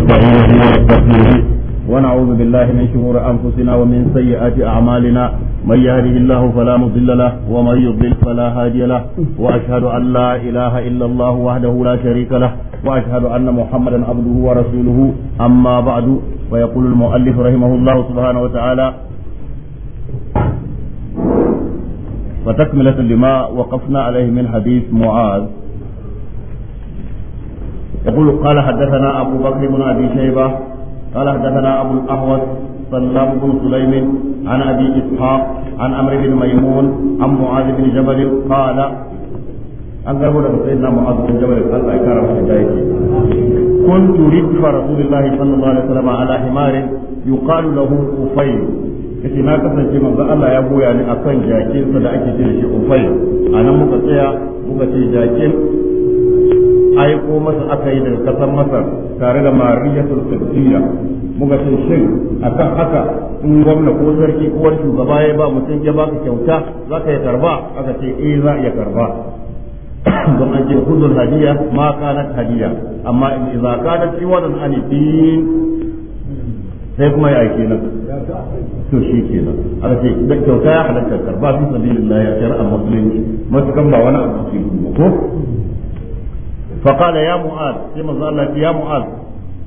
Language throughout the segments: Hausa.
ونستعينه ونستغفره ونعوذ بالله من شرور أنفسنا ومن سيئات أعمالنا من يهده الله فلا مضل له ومن يضلل فلا هادي له وأشهد أن لا إله إلا الله وحده لا شريك له وأشهد أن محمدا عبده ورسوله أما بعد ويقول المؤلف رحمه الله سبحانه وتعالى وتكملة لما وقفنا عليه من حديث معاذ يقول قال حدثنا أبو بكر بن أبي شيبة قال حدثنا أبو الأهوس سلام بن سليم عن أبي إسحاق عن أمر بن ميمون عن معاذ بن جبل قال أن قبل سيدنا معاذ بن جبل الله يكرمه جايتي كنت ردف رسول الله صلى الله عليه وسلم على حمار يقال له أفيل kace na kasance manzo Allah ya goya ni akan jakin sa da ake ce shi ufai anan muka tsaya muka ce jakin aiko masa aka yi daga kasar masar tare da mariyatul qibtiyya muka ce shin akan haka in gwamna ko sarki ko wani shugaba ya ba mutum ya baka kyauta zaka ya karba aka ce eh za iya karba don an ce hudul hadiya ma kanat hadiya amma in idza kanat fi wadan anifin sai kuma ya kenan to shi kenan aka ce da kyauta ya halatta karba fi sabilillah ya shar'a muslim kan ba wani abu ke ko فقال يا معاذ كما قال يا معاذ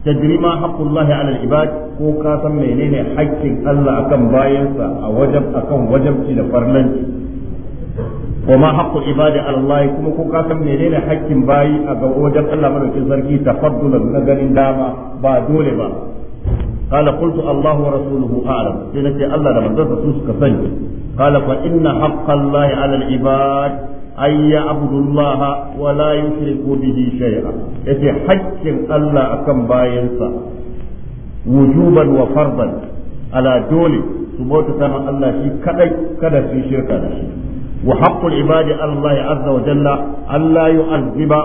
تدري ما حق الله على العباد ko ka san menene haƙƙin Allah akan bayansa a wajab akan wajabci da farlanci wa ma haqqu ibadi ala ko ka san menene haƙƙin bayi a ga wajen Allah madaukin sarki tafaddulan na ganin dama ba dole ba قال قلت الله ورسوله اعلم سنتي الله لما تنسى سوسك سنتي قال فان حق الله على العباد an ya abudullaha wa la yushriku bihi shay'a yace haƙƙin Allah akan bayansa wujuban wa fardan ala dole su bauta ma Allah shi kadai kada su shirka da shi wa haqqul ibadi Allah azza wa jalla an la yu'azziba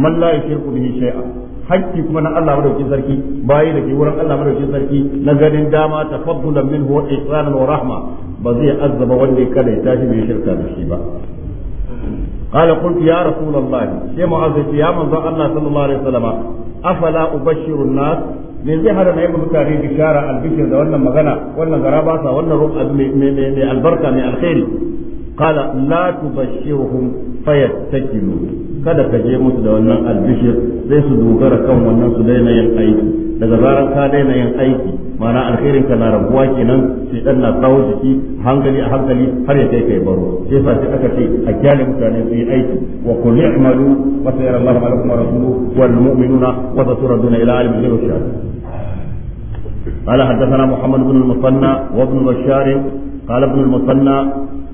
man la yushriku bihi shay'a hakki kuma na Allah madaukakin sarki bayi da ke wurin Allah madaukakin sarki na ganin dama tafaddulan minhu wa ihsanan wa rahma ba zai azzaba wanda ya kada ya tashi bai shirka ba قال ya يا رسول الله يا معزز يا من الله صلى الله عليه وسلم أفلا أبشر الناس me zai hada na yi mutane bishara albishir da wannan magana wannan garabasa wannan ruwa mai albarka mai alkhairi qala la tubashshirhum fayattakilu kada ka je musu da wannan albishir sai su dogara kan wannan su daina yin aiki daga zarar ka daina yin aiki mana alherin ka na rabuwa kenan sai dan na tsawo jiki hankali a hankali har ya kai kai baro sai sa sai aka ce a kyale mutane su yi aiki wa qul i'malu wa sayara Allahu alaikum wa rasuluhu wal mu'minuna wa saturaduna ila alimil ghaibi قال حدثنا محمد بن المثنى وابن بشار قال ابن المثنى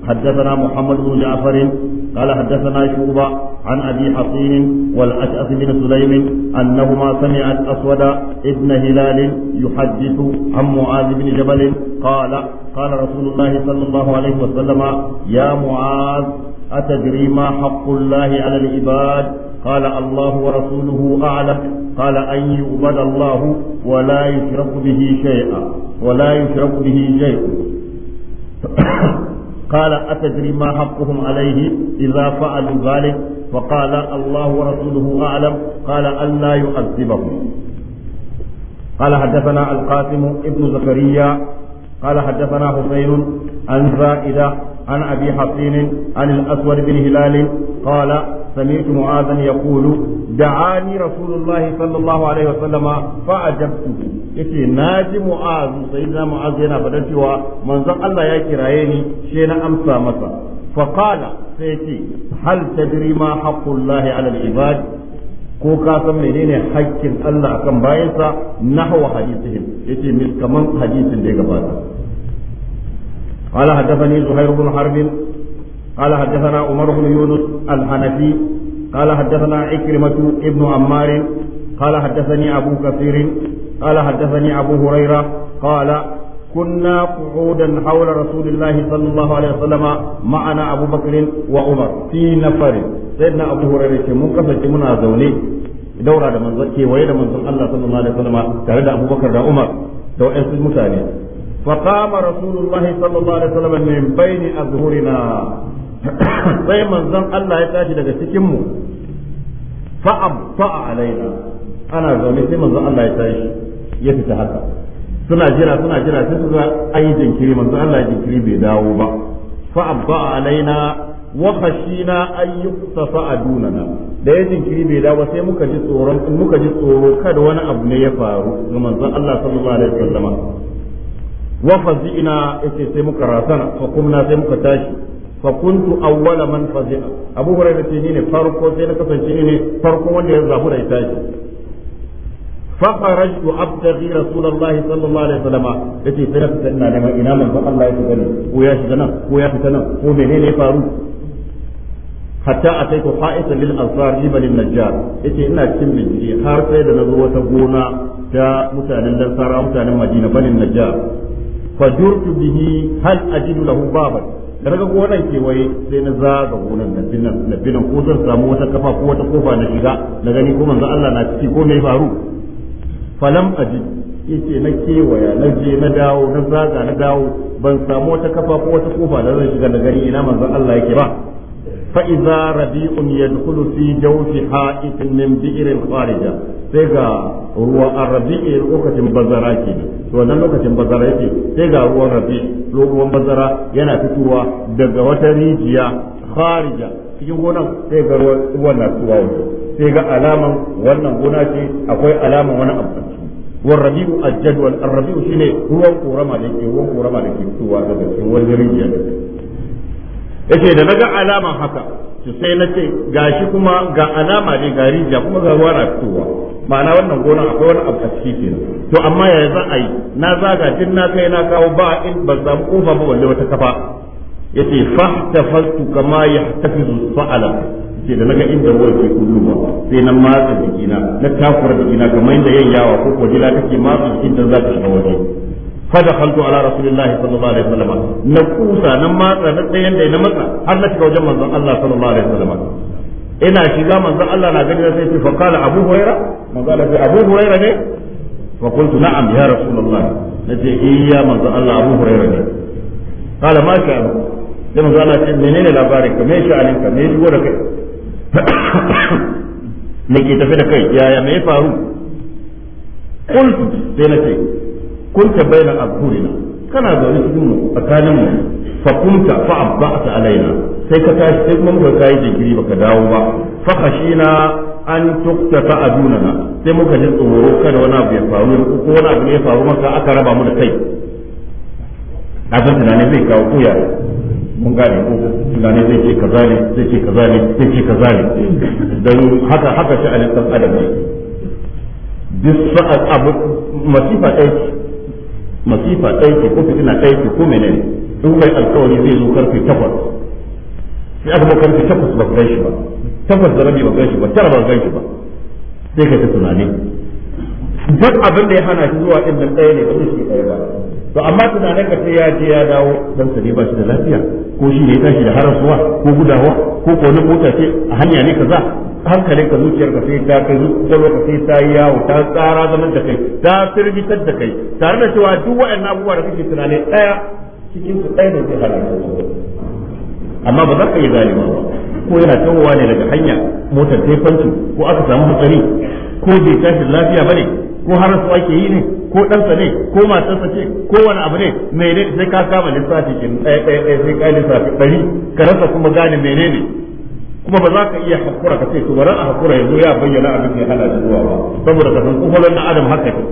حدثنا محمد بن جعفر قال حدثنا شعبة عن أبي حصين والأشعث بن سليم أنهما سمعت أسود ابن هلال يحدث عن معاذ بن جبل قال قال رسول الله صلى الله عليه وسلم يا معاذ أتدري ما حق الله على العباد قال الله ورسوله أعلم قال أن يعبد الله ولا يشرك به شيئا ولا يشرك به شيء قال أتدري ما حقهم عليه إذا فعلوا ذلك فقال الله ورسوله أعلم قال ألا يعذبهم قال حدثنا القاسم ابن زكريا قال حدثنا حسين عن زائدة عن أبي حصين عن الأسود بن هلال قال سمعت معاذا يقول دعاني رسول الله صلى الله عليه وسلم فأجبت يتي ناجي معاذ سيدنا معاذ هنا فدتوا من زق الله يا كرايني شين أمسى مسا فقال سيتي هل تدري ما حق الله على العباد ko ka san menene hakkin Allah akan bayansa nahwa hadithin yace min kaman hadisin da ya gabata qala hadathani zuhair ibn harb qala hadathana umar ibn yunus al-hanafi qala hadathana ikrimatu ibn ammar qala hadathani abu kafirin qala hadathani abu hurairah qala كنا قعودا حول رسول الله صلى الله عليه وسلم معنا أبو بكر وعمر في نفر سيدنا أبو هريرة منقصة منا زوني دورة من زكي ويد من الله صلى الله عليه وسلم ترد أبو بكر وعمر دو أنس المتاني فقام رسول الله صلى الله عليه وسلم من بين أظهرنا sai manzon Allah ya tashi daga cikinmu fa'am fa'a alaina ana zaune sai manzon Allah ya tashi ya fita haka suna jira suna jira sai su ga an yi jinkiri manzo Allah jinkiri bai dawo ba fa abba alaina wa khashina an yuktafa adunana da ya jinkiri bai dawo sai muka ji tsoron muka ji tsoro kada wani abu ne ya faru ga manzo Allah sallallahu alaihi wasallam wa fazina yace sai muka rasana fa kumna sai muka tashi fa kuntu awwala man fazina abu hurairah ce ne farko sai na kasance ni ne farko wanda ya zabu da tashi فخرجت ابتغي رسول الله صلى الله عليه وسلم yace sai na fita ina neman ina manzon Allah ya shiga ne ko ya shiga nan ko ya fita nan ko menene ya faru hatta ataitu ha'isa lil ansar liban lin najjar yace ina cikin bincike har sai da zo wata gona ta mutanen lansara mutanen Madina banin najjar fajurtu bihi hal baban da daga gonan kewaye sai na zaga gonan na binan na binan ko zan samu wata kafa ko wata kofa na shiga na gani ko manzo Allah na ciki ko me faru falam ajid yace na kewaya na je na dawo na zaga na dawo ban samu wata kafa ko wata kofa da zan shiga da gari ina manzon Allah yake ba fa idza rabi'un yadkhulu fi jawfi haifin min bi'rin kharija sai ga ruwa arabi'i lokacin bazara ke to wannan lokacin bazara yake sai ga ruwan rabi ruwan bazara yana fitowa daga wata rijiya kharija cikin gonan sai ga ruwan na tsuwa wajen sai ga alaman wannan gona ce akwai alaman wani abu والربيع الجدول الربيع شنو هو قرما لك هو قرما لك هو هذا هو الرجال yace da naga alaman haka to sai na ce gashi kuma ga alama ne ga rijiya kuma ga ruwa na fitowa ma'ana wannan gona akwai wani abu a ciki kenan to amma yaya za a yi na zaga din na kai na kawo ba in za samu kofa ba balle wata kafa yace fa tafaltu kama yahtafizu fa'ala sai da naga inda ruwa ke kullum sai na matsa jikina na takura jikina kamar yadda yin yawa ko kwajila take matsa jikin da za ta shiga waje fada khaltu ala rasulillahi sallallahu alaihi wasallam na kusa na matsa na tsayen da na matsa har na shiga wajen manzon Allah sallallahu alaihi wasallam ina shiga manzon Allah na gani sai fi faqala abu huraira manzon Allah sai abu huraira ne fa qultu na'am ya rasulullah nace eh ya manzon Allah abu huraira ne qala ma sha'a sai manzon Allah ya ce menene labarin ka me sha'anin ka me duwa kai me ke tafi da kai yaya me ya faru kuntu sai na ce kunta baina abhurina kana zaune cikin tsakanin mu fa kunta fa abba'ta alaina sai ka tashi sai kuma muka kai jinkiri baka dawo ba fa khashina an tuktafa adunana sai muka ji tsoro kada wani abu ya faru ko wani abu ne ya faru maka aka raba mu da kai zan tunanin zai kawo koyarwa mun gane ko tunanin zai ce kaza ne zai ce kaza ne zai ce kaza ne dan haka haka shi a lissan adam ne duk sa'ad abu masifa ɗaya ce masifa ɗaya ce ko fitina ɗaya ce ko menene in kai alkawari zai zo karfe takwas sai aka bakar karfe takwas ba gan shi ba takwas da rabi ba gan shi ba tara ba gan shi ba sai ka ta tunani duk abin da ya hana shi zuwa inda nan ɗaya ne ba zai shi ɗaya ba to amma tunanin ka sai ya je ya dawo dan sa ba shi da lafiya ko shi ne ya tashi da harasuwa ko gudawa ko kone mota ce a hanya ne kaza hankalin ka zuciyar ka sai ta kai zuciyar ka sai ta yi yawo ta tsara zaman da kai ta firgitar da kai tare da cewa duk wa'annan abubuwa da kake tunani ɗaya cikin su ɗaya ne zai halaka amma ba za ka yi zalima ba ko yana tawowa ne daga hanya motar taifanci ko aka samu hatsari ko bai tashi lafiya ne ko harasuwa ke yi ne ko ɗansa ne ko matarsa ce ko wani abu ne menene sai ka kama lissafi ke ɗaya ɗaya ɗaya sai ka lissafi ɗari ka rasa kuma gane menene kuma ba za ka iya hakura ka ce to a hakura yanzu ya bayyana abin da ya hana da zuwa ba saboda ka san kuhulan na adam haka ne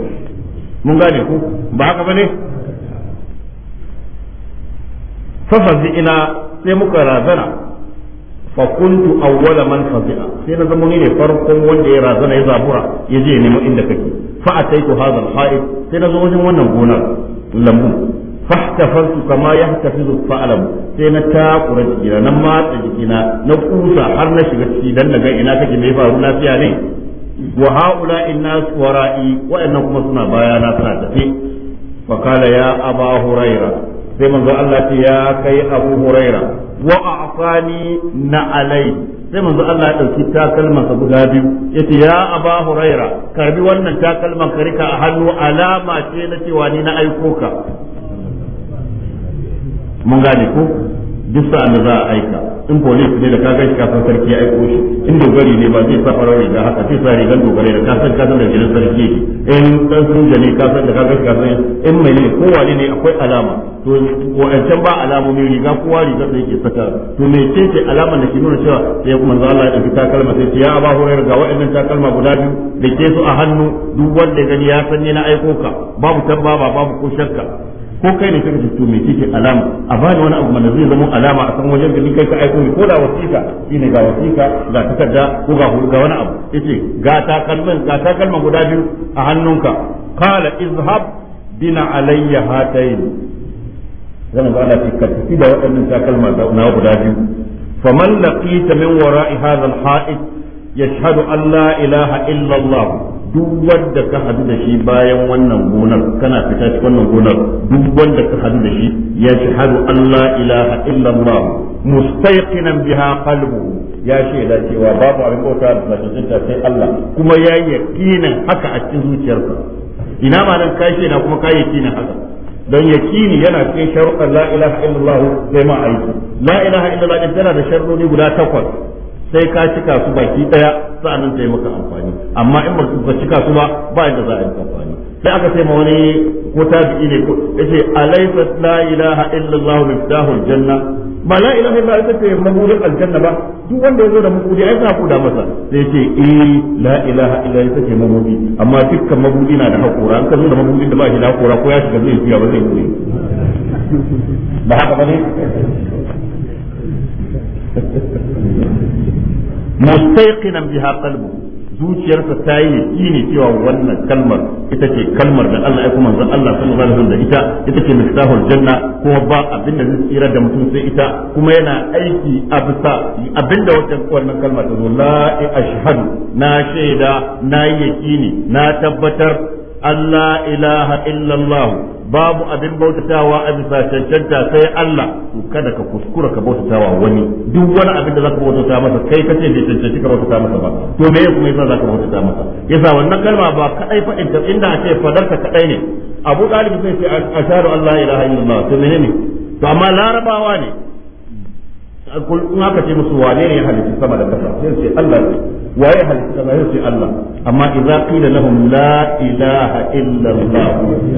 mun gane ku ba haka bane fafazi ina sai muka razana fa kuntu awwala man fazi'a sai na zama ni ne farkon wanda ya razana ya zabura ya je nemo inda kake fa ataitu hadha al-ha'id sai na zo wajen wannan gonar lambun fahtafartu kama yahtafizu fa'alam sai na takura jikina na matsa jikina na kusa har na shiga ciki dan daga ina kake mai faru lafiya ne wa haula innas wara'i wa'annan kuma suna bayana suna tafi fa kala ya aba hurairah sai manzo Allah ce ya kai Abu Huraira wa afani na alai sai manzo Allah ya dauki takalman sa guda biyu yace ya Abu Huraira karbi wannan takalman ka rika a hannu alama ce na cewa ni na aiko ka mun gane ko duk sa'an da za a aika in polis ne da ka shi kafin sarki ya aiko shi in dogari ne ba zai safara farar riga haka sai sa rigar dogare da kasan kasan da gidan sarki in dan soja ne kasan da ka shi kafin in mai ne wani ne akwai alama to wancan ba alamomi riga kowa riga sai yake saka to me ce ce alama da ke nuna cewa sai manzo Allah ya dauki takalma sai ce ya aba horar ga ta takalma guda biyu da ke su a hannu duk wanda gani ya san ne na aiko ka babu tabbaba babu ko shakka ko kai ne kake to me kike alama a bani wani abu mana zai zama alama a san wajen da kai ka aiko ni ko da wasiƙa shine ga wasiƙa ga takarda ko ga ga wani abu yace ga takalman ga takalman guda biyu a hannunka qala izhab bina alayya hatayn zan ba Allah ka tafi da waɗannan takalma na guda biyu faman laqita min wara'i hadha al-ha'id yashhadu an la ilaha illa Allah duk wanda ka hadu da shi bayan wannan gonar kana fita cikin wannan gonar duk wanda ka hadu da shi ya shahadu Allah ilaha illallah mustaqinan biha qalbuhu ya shaida cewa babu abin bauta da tsakancinta sai Allah kuma ya yakinin haka a cikin zuciyarsa ina ma nan kai shaida kuma kai yakinin haka don yakini yana cikin sharuɗan la ilaha illallah sai ma aiki la ilaha illallah tana da sharroni guda takwas sai ka cika su baki daya sa'annan sai maka amfani amma in ba cika su ba ba yadda za a yi amfani sai aka sai ma wani ko tabi'i ne ko yace alaysa la ilaha illallah miftahul janna ba la ilaha illa ita ce mabudin aljanna ba duk wanda yazo da mabudi ai za ku da masa sai yace eh la ilaha illa ita ce mabudi amma dukkan mabudi na da hakura an ka da mabudin da ba shi da hakura ko ya shiga zai fiya ba zai yi ba haka bane mustaqinan biha qalbuhu zuciyarsa ta yi yaqini cewa wannan kalmar ita ce kalmar da Allah ya kuma manzon Allah sallallahu alaihi da ita ita ce miftahul janna kuma ba abin da zai tsira da mutum sai ita kuma yana aiki a bisa abinda wannan wannan kalmar ta zo la ashhadu na shaida na yaqini na tabbatar Allah ilaha illallah babu abin bautatawa a bisa cancanta sai Allah to kada ka kuskura ka bautatawa wani duk wani abin da zaka bautata masa kai ka ce bai cancanci ka bautata masa ba to me yake yasa zaka bautata masa yasa wannan kalma ba kadai fadin ta inda ake fadar ta kadai ne Abu Talib sai ce ashhadu Allah ilaha illallah to menene to amma larabawa ne in aka ce musu wane ne ya halitta sama da kasa sai ce Allah ne waye halitta sama sai ce Allah amma idza qila lahum la ilaha illa Allah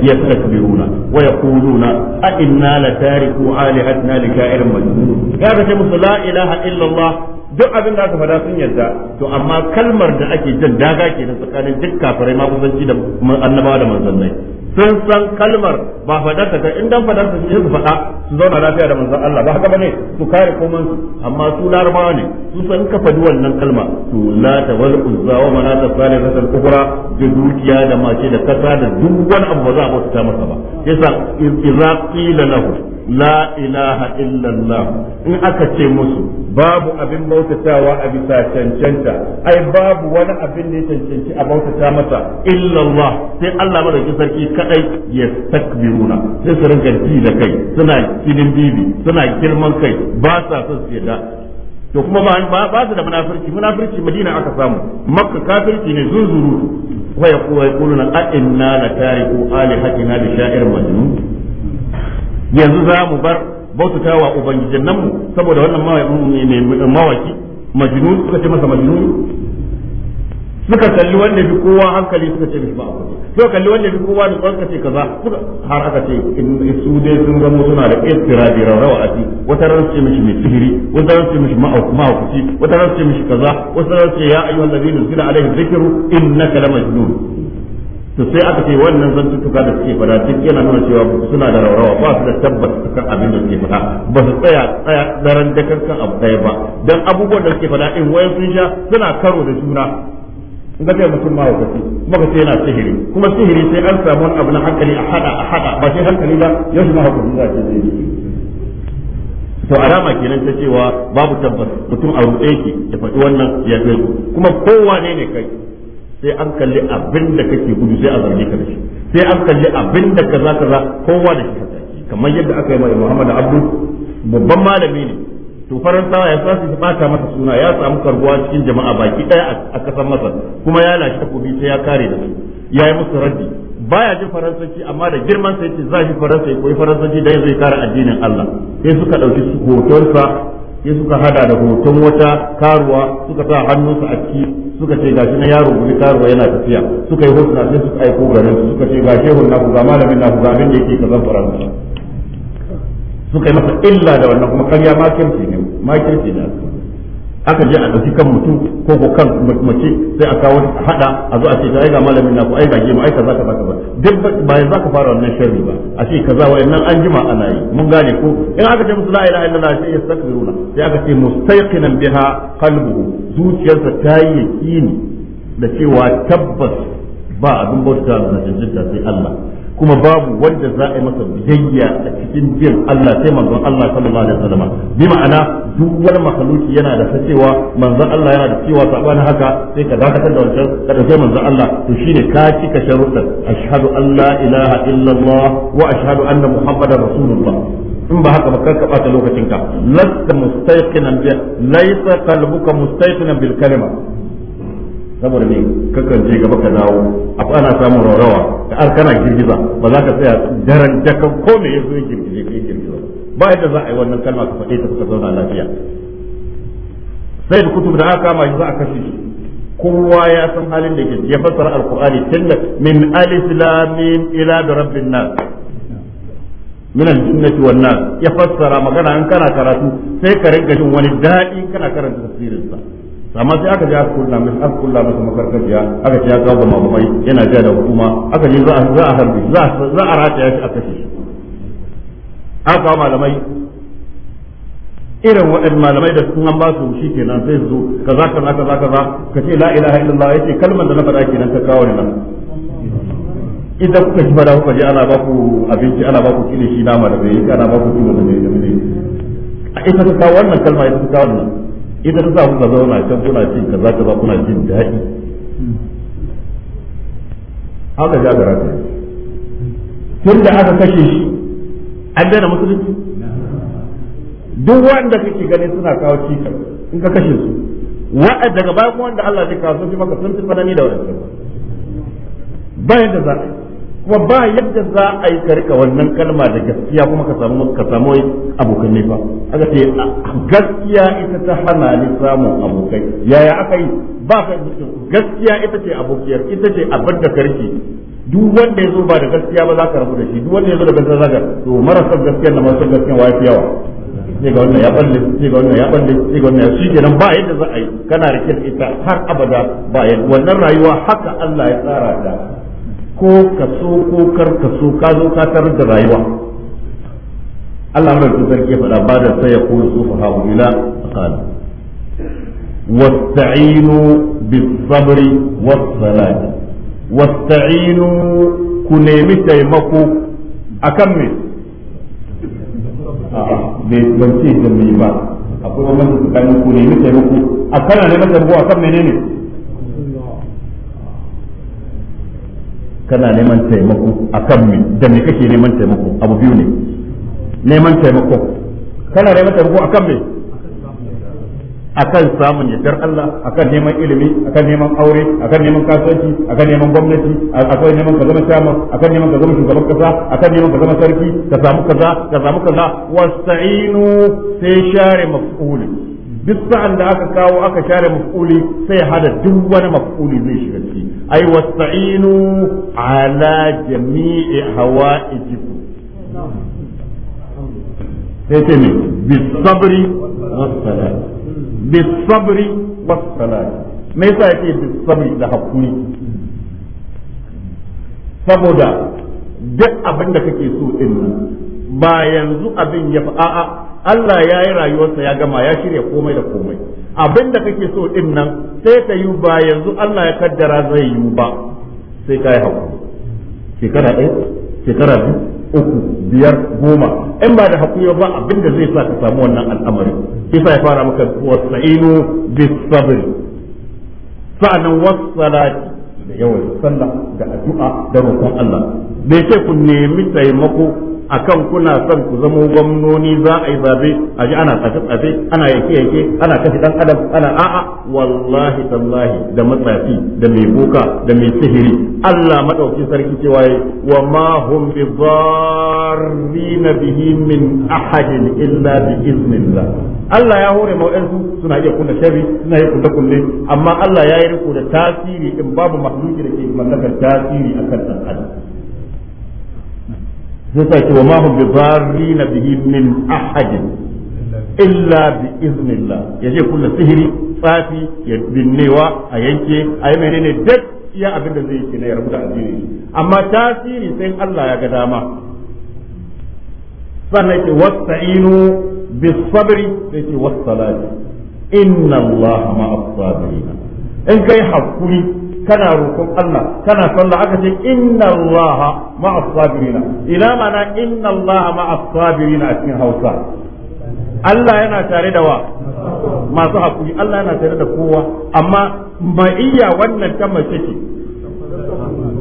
yastakbiruna wa yaquluna a inna la tariku alihatina li ka'irin majnun ya ce musu la ilaha illa Allah duk abin da aka fada sun yarda to amma kalmar da ake jin daga kenan tsakanin duk kafirai ma kusanci da annabawa da manzannai sun san kalmar ba fadar ta in dan fadar ta su fada su zauna lafiya da manzon Allah ba haka bane su kare koman su amma su larabawa ne su san ka fadi wannan kalma to la ta wal uzza wa manata al da dukiya da mace da kasa da duk wani abu ba za a bauta masa ba yasa idza qila lahu la ilaha illallah in aka ce musu babu abin bautatawa a bisa cancanta ai babu wani abin da ya cancanci a bautata masa illallah sai Allah madaukin sarki kadai ya takbiruna sai su rinka ji da kai suna filin bibi suna girman kai ba sa son su to kuma ba ba su da munafurci munafurci madina aka samu makka kafirci ne zunzuru wa yaqulu a inna la tariku alihatina li sha'ir majnun yanzu za mu bar bautata wa ubangijin nan mu saboda wannan mawaki majinu suka ce masa majinu suka kalli wanda bi kowa hankali suka ce ba suka kalli wanda bi kowa da suka ce kaza suka har aka ce in su dai sun ga mu suna da istira bi rawa a ci wata ran ce mishi mai sihiri wata ran ce mishi ci wata ran ce mishi kaza wata ran ce ya ayyuhal ladina zila alaihi zikru innaka lamajnun to sai aka ce wannan zantuttuka da suke fada duk yana nuna cewa suna da raurawa ba su da tabbas kan abin da suke fada ba su tsaya tsaya daren dakar kan abu ɗaya ba dan abubuwan da suke fada in wayan sun sha suna karo da juna in ga kai mutum ma wakati maka sai yana sihiri kuma sihiri sai an samu wani abu na hankali a hada a hada ba sai hankali ba yau shi ma hakuri za ce zai to alama kenan ta cewa babu tabbas mutum a ruɗe yake ya faɗi wannan ya zai kuma kowa ne ne kai sai an kalli abin da kake gudu sai a zarge ka da shi sai an kalli abin da kaza kaza kowa da shi kamar yadda aka yi mai Muhammad abdul babban malami ne to faransawa ya sasu su bata masa suna ya samu karbuwa cikin jama'a baki daya a kasar Masar kuma ya lashi takobi sai ya kare da su ya yi musu raddi baya jin faransanci amma da girman sai ce za shi faransa ko koyi faransanci dai zai kare addinin Allah sai suka dauki hotonsa sai suka hada da hoton wata karuwa suka sa hannunsu a ciki suka ce gashi na yaro guri karuwa yana tafiya suka yi hotuna sai suka aiko garin su suka ce gashi hun na kuga malamin na kuga abin da yake kazan fara suka yi masa illa da wannan kuma karya makirci ne makirci ne aka je a ɗauki kan mutum ko ko kan mace sai a kawo hada a zo a ce ta ga malamin na ko ai ba gemu ai kaza kaza kaza duk ba ya za fara wannan sharri ba a ce kaza wayannan an jima ana yi mun gane ko in aka ce musu la ilaha illallah sai yastakbiruna sai aka ce mustaqinan biha qalbuhu zuciyarsa ta yi yakini da cewa tabbas ba abin bauta da cancanta sai Allah kuma babu wanda za a yi masa biyayya a cikin bin Allah sai manzon Allah sallallahu alaihi wasallam bi ma'ana duk wani makhluki yana da ta cewa manzon Allah yana da cewa sabani haka sai ka dakatar da wancan ka dauke manzon Allah to shine ka cika sharuɗan ashhadu an la ilaha illallah wa ashhadu anna muhammadar rasulullah in ba haka ba karka ka bata ka lasta mustayqinan bi laysa qalbuka mustayqinan bil kalima saboda ne kakan je gaba ka dawo abu ana samun rawarawa da an kana girgiza ba za ka tsaya daren jakan ko me yazo yin girgije kai girgiza ba yadda za a yi wannan kalma ka faɗe ta ka zauna lafiya sai da kutub da aka kama shi za a kashe shi kowa ya san halin da ke ya fassara alkur'ani da min alif lam mim ila da rabbin nas min al-jinnati wan ya fassara magana an kana karatu sai ka rinka jin wani daɗi kana karanta tafsirin sa amma sai aka ja kulla mai aka kulla masa makarkaciya aka ce ya kawo gama mai yana ja da hukuma aka ji za a harbi za a rataya shi a kashe shi aka malamai irin waɗannan malamai da sun an ba su shi kenan sai su kaza kaza kaza kaza ka ce la ilaha illallah yace kalmar da na faɗa kenan ta kawo nan idan kuka ji fara kuka je ana ba ku abinci ana ba ku kilishi nama da bai ana ba ku kilo da bai da bai a ita ta kawo wannan kalma ita ta kawo wannan ita ta sa kuka zauna can kuna cin kaza kaza kuna jin daɗi haka gara ta tun da aka kashe shi an dana musulunci duk wanda kake gani suna kawo cikar in ka kashe su wa'ad daga bayan wanda Allah ya kawo sun fi maka sun fi tsanani da wani. bayan da za a yi kuma ba yadda za a yi karka wannan kalma da gaskiya kuma ka samu ka samu abokan ne ba aka ce gaskiya ita ta hana ni samun abokai yaya aka yi ba ka gaskiya ita ce abokiyar ita ce abin da karki duk wanda ya zo ba da gaskiya ba za ka rabu da shi duk wanda ya zo da gaskiya za ka to marasa gaskiya da marasa gaskiya wa yafi yawa sai ga wannan ya balle sai ga wannan ya balle sai ga wannan ya shi nan ba yadda za a yi kana rike da ita har abada ba yadda wannan rayuwa haka Allah ya tsara ta ko so ko kar so ka zo ka tarar da rayuwa Allah mai ku sarki faɗa ba da sai ya su sufa hawo ila qala wasta'inu bis sabri was salat wasta'inu ku nemi taimako akan me bai ban ce da ba akwai wani tsakanin ku nemi taimako akan ne na a akan menene ne kana neman taimako kan me da me kake neman taimako abu biyu ne neman taimako kana neman taimako akan me akan samun yardar Allah a akan neman ilimi a akan neman aure a kan neman kasuwanci akan neman gwamnati akan neman ka zama shama akan neman ka zama shugaban kasa akan neman ka zama sarki ka samu kaza ka samu kaza wasta'inu sai share maf'ulin duk sa'an da aka kawo aka share maf'uli sai hada duk wani maf'uli zai shiga ciki ay wasta'inu ala jami'i hawa'ijikum sai ce ne bisabri wasala bisabri wasala me yasa yake bisabri da hakuri saboda duk abin da kake so din nan ba yanzu abin ya fa a'a Allah ya yi rayuwarsa ya gama ya shirya komai da komai abin da kake so din nan sai ka yi ba yanzu Allah ya kaddara zai yi ba sai ka yi hakuri shekara ɗaya shekara biyu uku biyar goma in ba da hakuri ba abin da zai sa ka samu wannan al'amari kisa ya fara maka wasa'inu bis sa'anan wasalati da yawan sallah da addu'a da roƙon Allah bai ce ku nemi taimako akan kuna son ku zama gwamnoni za a yi zabe a ji ana tsafe tsafe ana yake yake ana kashe dan adam ana a'a wallahi tallahi da matsafi da mai boka da mai sihiri Allah madauki sarki cewa yi wa ma hum bi na bihi min ahadin illa bi iznillah Allah ya hore ma'ansu suna iya kunna shari suna iya kunna kunne amma Allah ya yi riko da tasiri in babu mahluki da ke mallakar tasiri akan dan adam zai ce wa ma hum na bihi min ahadin illa bi iznillah yaje kula sihiri tsafi ya binnewa a yanke a yi menene duk iya abin da zai yi na ya rabu da addini amma tasiri sai Allah ya ga dama sannan ce wasta'inu bis sabri sai ce inna Allah ma'a sabirin in kai hakuri kana roƙon Allah kana sallah aka ce inna Allah ma'as sabirina ina mana inna Allah ma'a sabirina a cikin Hausa Allah yana tare da wa masu hakuri Allah yana tare da kowa amma iya wannan ta mace ce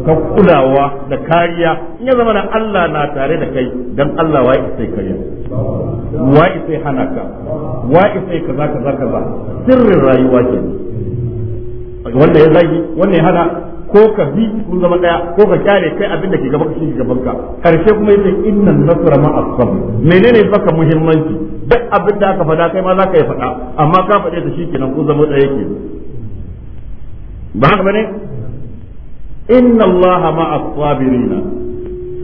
ka kulawa da kariya in ya zama na Allah na tare da kai dan Allah wa sai kariya wa sai hana ka wa sai kaza kaza kaza sirrin rayuwa kenan wanda ya zagi wanda ya hana ko ka bi kun zama daya ko ka kyale kai abin da ke gaban shi gaban ka karshe kuma yace innan nasra ma asab menene baka muhimmanci duk abin da aka faɗa kai ma za ka yi faɗa amma ka da shi shikenan kun zama daya ke ba haka bane inna allah ma as-sabirina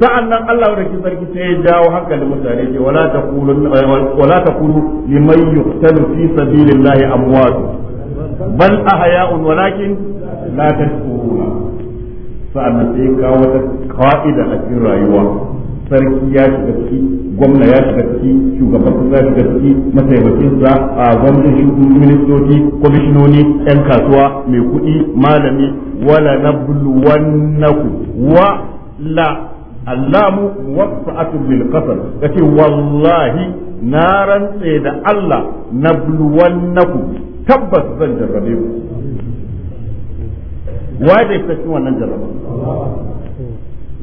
sa'annan Allah da ki sarki sai ya jawo hankalin mutane ke wala taqulu wala taqulu liman yuqtalu fi sabilillahi amwat Ban ahya'un walakin la tashkuruna sa'annan sai wata ka'ida a cikin rayuwa sarki ya shiga ciki gwamna ya shiga ciki shugaban kasa ya shiga ciki mataimakinsa a gwamnatin ministoci kwamishinoni yan kasuwa mai kuɗi malami wala nabluwannaku wa la allamu muwaffa'atu bil qasr yace wallahi na rantse da Allah nabluwannaku tabbas zan jarrabe ku waye da yake cikin wannan jarraba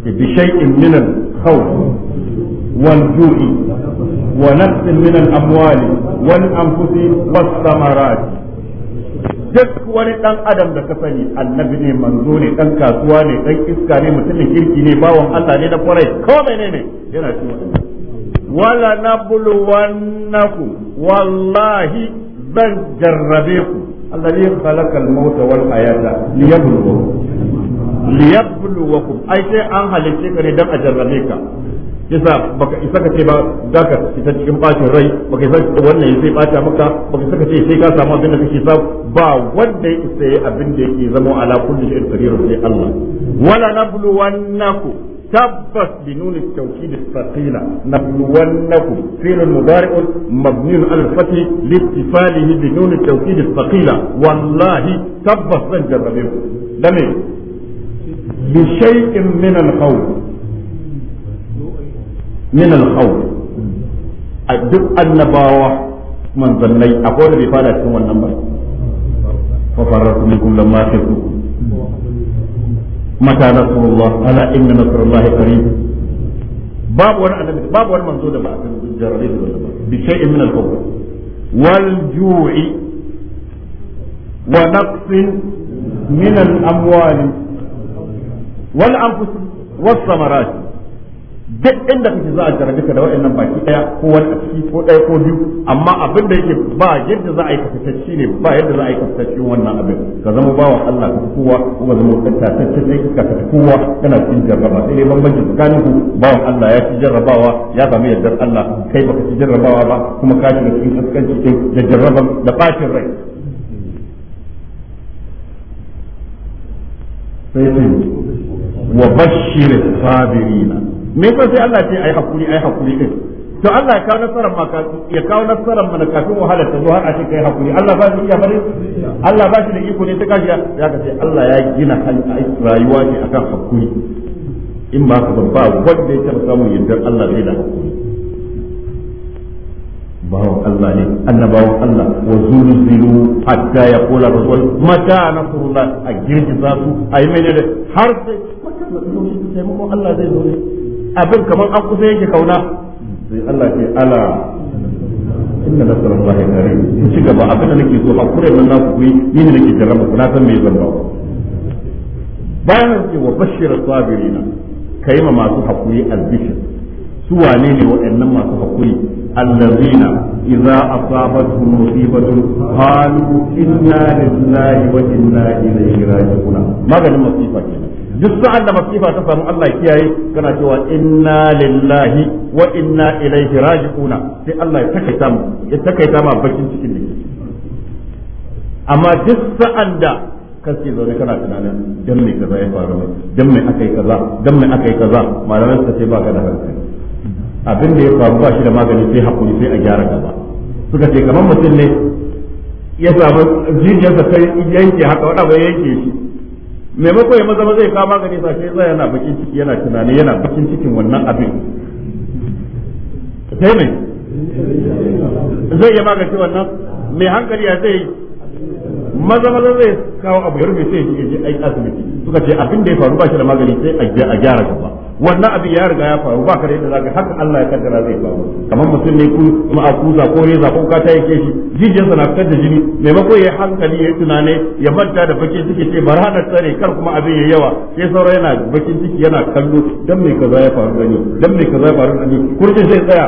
bi shay'in min al-khawf wal ju'i wa nafsin min al-amwali wal anfusi was samarat duk wani dan adam da ka sani annabi ne manzo ne dan kasuwa ne dan iska ne mutumin kirki ne bawon Allah ne da kwarai ko menene yana cikin wala wannaku wallahi zan jarrabe ku alladhi khalaqal mauta wal hayata liyabluwakum liyabluwakum ai sai an halice ka ne dan a jarrabe ka yasa baka isa ka ce ba za ka fita cikin bacin rai baka isa wannan zai bata maka baka isa ka ce sai ka samu abin da kake samu ba wanda ya isa abin da yake zama ala kulli shay'in qadir sai Allah wala nabluwannakum tabbas bi nuni tawkid thaqila nabluwannakum fi'l mudari' mabni ala al-fath li ittifalihi bi nuni tawkid thaqila wallahi tabbas zan jarrabe ku dame bi shay'in min al-khawf min al-khawf duk annabawa manzannai akwai wanda fada cikin mata nasrullah ala inna nasrullah qarib babu wani annabi babu wani manzo da ba a jarrabe da wannan ba bi shay'in min al-khawf wal wa naqsin duk inda kake za a jarabe ka da waɗannan baki daya ko wani a ciki ko ɗaya ko biyu amma abin da yake ba yadda za a yi kafitacci ne ba yadda za a yi kafitacci wannan abin ka zama bawa Allah ka kowa ko ka zama tattatacce sai ka tafi kowa kana cikin jarraba sai dai bambanci tsakanin ku wa Allah ya ci jarrabawa ya zama yardar Allah kai ba ka ci jarrabawa ba kuma ka shiga cikin kaskanci din da jarraban da bacin rai sai wa bashir sabirina me yasa sai Allah ce ai hakuri ai hakuri din to Allah ya kawo nasarar ma ya kawo nasarar mana kafin wahala ta zo har a ce kai hakuri Allah ba shi iya bari Allah ba shi da iko ne ta kashi ya ka ce Allah ya gina rayuwa ne akan hakuri in ba ka ba wanda ya taba samu yadda Allah bai da hakuri bawan Allah ne annabawan Allah wa zuru hatta da zuwa mata na nasrullah a girgiza su a yi mai da har sai maka da taimako Allah zai zo ne abin kamar an kusa yake kauna sai Allah ke ala inna nasrullahi qarib ku ci gaba abin da nake so ba kure nan naku ku yi ni ne nake jarraba ku na san me zan ba bayan ce wa bashir sabirina kai ma masu hakuri albishir su wane ne waɗannan masu hakuri allazina idza asabatuhum musibatun qalu inna lillahi wa inna ilaihi raji'un maganin masifa kenan duk sa'an da masifa ta samu Allah kiyaye kana cewa inna lillahi wa inna ilaihi raji'una sai Allah ya takaita mu ya takaita ma bakin cikin da amma duk sa'an da kaske zaune kana tunanin dan mai kaza ya faru dan mai akai kaza dan mai akai kaza malaman ka sai baka da hankali abin da ya faru ba shi da magani sai hakuri sai a gyara gaba suka ce kamar mutum ne ya samu jijiyarsa ta yanke haka wanda bai yanke shi maimako ya maza zai kama gani sa sai yana bakin ciki yana tunani yana bakin cikin wannan abin sai mai zai yi magance wannan mai hankali ya zai maza maza zai kawo abu ya rufe sai ya ji je asibiti suka ce abin da ya faru ba shi da magani sai a gyara gaba wannan abin ya riga ya faru ba kare da zaka haka Allah ya kaddara zai faru kamar mutum ne ku ma'akuza ko reza ko kata yake shi sa na fitar da jini maimako ya hankali ya tunane ya manta da bakin ciki ce bara da tsare kar kuma abin ya yawa sai saura yana bakin ciki yana kallo dan me kaza ya faru gani dan me kaza ya faru gani kurje sai tsaya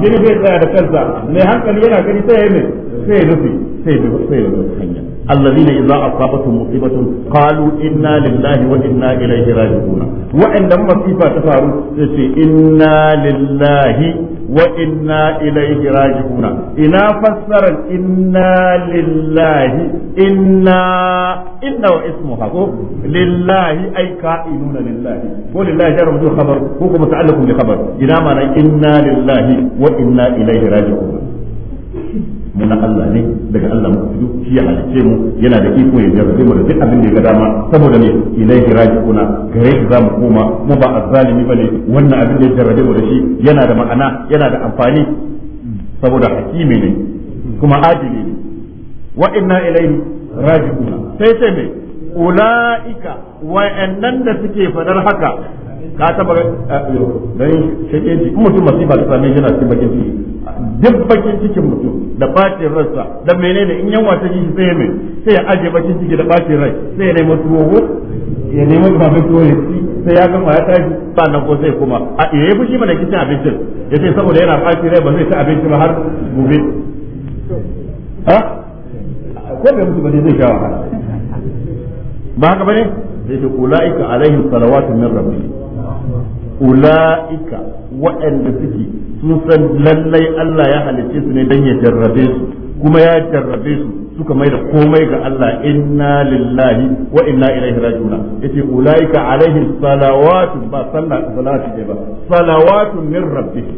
jini zai tsaya da kansa mai hankali yana gani sai ya mai sai ya rufe sai ya rufe hanya الذين إذا أصابتهم مصيبة قالوا إنا لله وإنا إليه راجعون وعندما مصيبة تفعل إنا لله وإنا إليه راجعون إنا فسر إنا لله إنا إنا واسمها لله أي كائنون لله ولله جار خبر هو متعلق بخبر إنا معنى إنا لله وإنا إليه راجعون mu na Allah ne daga Allah mu fito shi ya halice mu yana da iko ya jarrabe mu da duk abin da ya ga dama saboda me ilaihi raji'una gare shi zamu koma mu ba azzalimi bane wannan abin da ya jarrabe mu da shi yana da ma'ana yana da amfani saboda hakimi ne kuma adili ne wa inna ilaihi raji'una sai sai me ulaika wa'annan da suke fadar haka ka taba ganin shakeji in mutum masifa ta same yana cikin bakin ciki duk bakin cikin mutum da bacin ransa da menene in yan wata shi sai mai sai ya aje bakin ciki da bacin rai sai ya nemi tuwo ya nemi babin tuwo ya ci sai ya gama ya tashi sannan ko sai kuma a iya yi fushi mana kicin abincin ya ce saboda yana bacin rai ba zai ci abinci ba har gobe ha ko bai mutu ba zai sha wahala ba haka bane sai ulaika alaihim salawatun min rabbihim ula'ika waɗanda suke sun san lallai Allah ya halice su ne don ya jarrabe su kuma ya jarrabe su suka mai da komai ga Allah inna lillahi wa inna ilaihi rajiuna yace ulaika alaihim salawatu ba sallah salatu ce ba salawatu min rabbih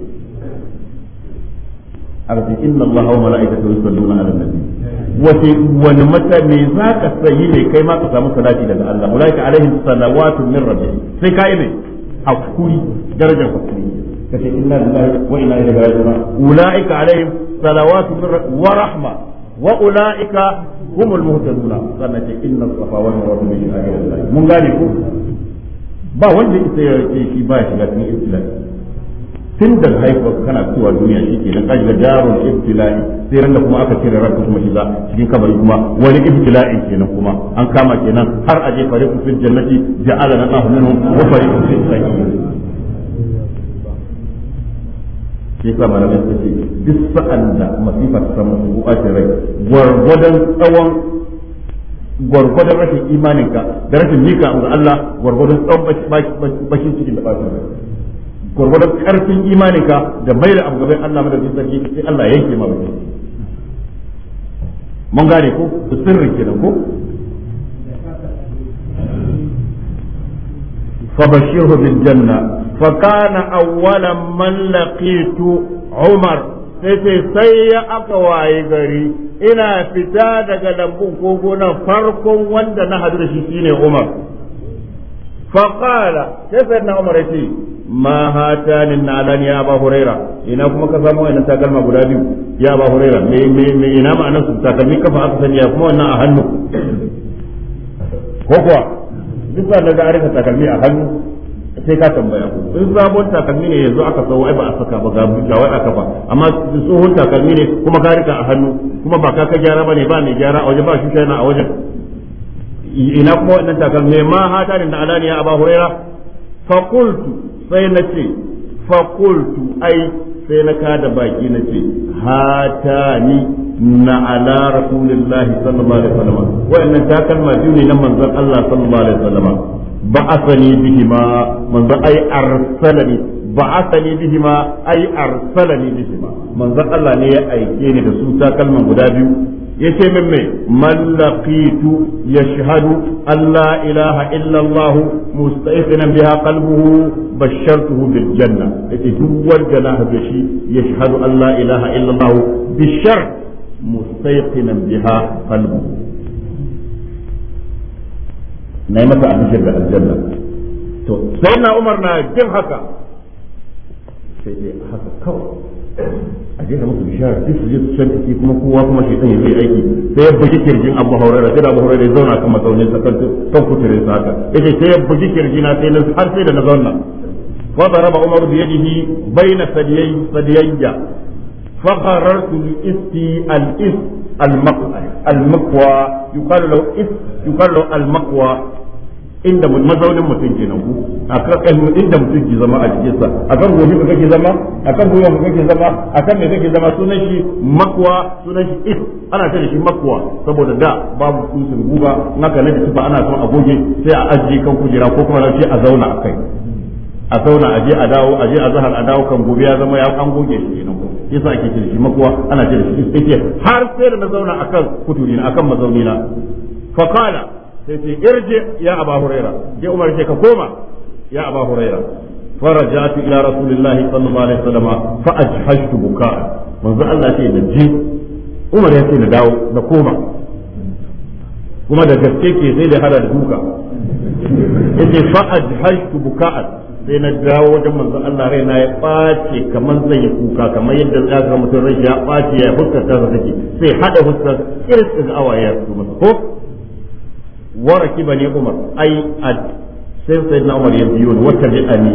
arzi inna allaha wa malaikatahu yusalluna ala nabi wace wani mata me zaka sayi ne kai ma ka samu salati daga Allah ulaika alaihim salawatu min rabbih sai kai ne hakuri darajar hakuri kace inna lillahi wa inna ilaihi raji'un ulaika alaihim salawatu wa rahma wa ulaika humul sannan ce inna safa marwa min mun gane ko ba wanda yake shi ba shi ga cikin islam tun da kana cewa duniya shi ke nan kaji da jarun ibtila'i sai ran da kuma aka cire ranka kuma shiga cikin kabari kuma wani ibtila'i kenan kuma an kama kenan har aje ku fil jannati ja'ala Allahu minhum wa fariqu fil sa'ir shi yasa malamai da ce duk sa'an da masifar ta ku buƙatar rai gwargwadon tsawon gwargwadon rashin imaninka da rashin mika ga Allah gwargwadon tsawon bakin cikin da su rai gwargwadon karfin imaninka da mai da abu gaban Allah madaukakin sarki sai Allah ya yanke ma bakin mun gane ko su sirri kenan ko Janna. بالجنة فكان أولا من لقيت عمر sai sai ya aka waye gari ina fita daga lambun kogo na farkon wanda na hadu da shi shine Umar faqala sai na Umar yace ma ni na dan ya ba huraira ina kuma ka samu wannan takalma guda biyu ya ba huraira me me me ina anan su takalmi kafa aka sani ya kuma wannan a hannu ko kuwa duk ba da arika takalmi a hannu sai ka tambaya ku in sabon takalmi ne yanzu aka sau ai ba a saka ba ga wai aka ba amma tsohon takalmi ne kuma ka rika a hannu kuma ba ka ka gyara ne ba mai gyara a waje ba shi yana a wajen ina kuma wannan takalmi ma hata na da alaniya ba huraira fakultu sai na ce fakultu ai sai na kada baki na ce hatani na ala rasulillahi sallallahu alaihi wasallam wa'annan takalma biyu ne na manzon Allah sallallahu alaihi wasallam ba'athani bihima manzon ai arsalani ba'athani bihima ai arsalani bihima manzon Allah ne ya aike ni da su takalman guda biyu yace min mai man laqitu yashhadu an la ilaha illa Allah mustaqinan biha qalbuhu bashartuhu bil janna yace duk wanda na haɗe shi yashhadu an la ilaha illa Allah bi mustaqinan biha qalbuhu nayi masa abin da aljanna to sai na Umar na jin haka sai dai haka kawai a je ka bishara duk su je su kuma kowa kuma shi ɗan zai aiki sai ya bugi kirjin abu haurara sai da abu haurara ya zauna kan mazaunin sa kan kuturin sa haka sai kirjina sai na har sai da na zauna fa umaru bi yadihi baina sadiyai sadiyayya fa qarartu li isti al al al inda mazaunin mutum ke nan ku a akan inda mutum ke zama a cikin sa kan gobe ka kake zama a kan gobe ka kake zama a kan me kake zama sunan shi makwa sunan shi is ana tare shi makwa saboda da babu kusin guba naka na ba ana son a goge sai a ajiye kan kujera ko kuma sai a zauna a kai a zauna a je a dawo a je a zahar a dawo kan gobe ya zama ya an goge shi kenan ku yasa ake cire shi makwa ana cire shi sai har sai da na zauna akan kuturina akan mazaunina fa qala sai ce irji ya aba huraira ya ka koma ya aba huraira farajatu ila rasulillahi sallallahu alaihi wasallam fa ajhashtu buka manzo Allah ce da je umar ya ce na dawo na koma kuma da gaske ke sai da hada da duka yace fa ajhashtu buka sai na dawo wajen manzon Allah raina ya ɓace kamar zai kuka kamar yadda za ka mutum rai ya bace ya fuskar ta take sai hada fuskar irin awaye su masa ko waraki bani umar ai ad sai sai na umar ya biyo ni wata bi ani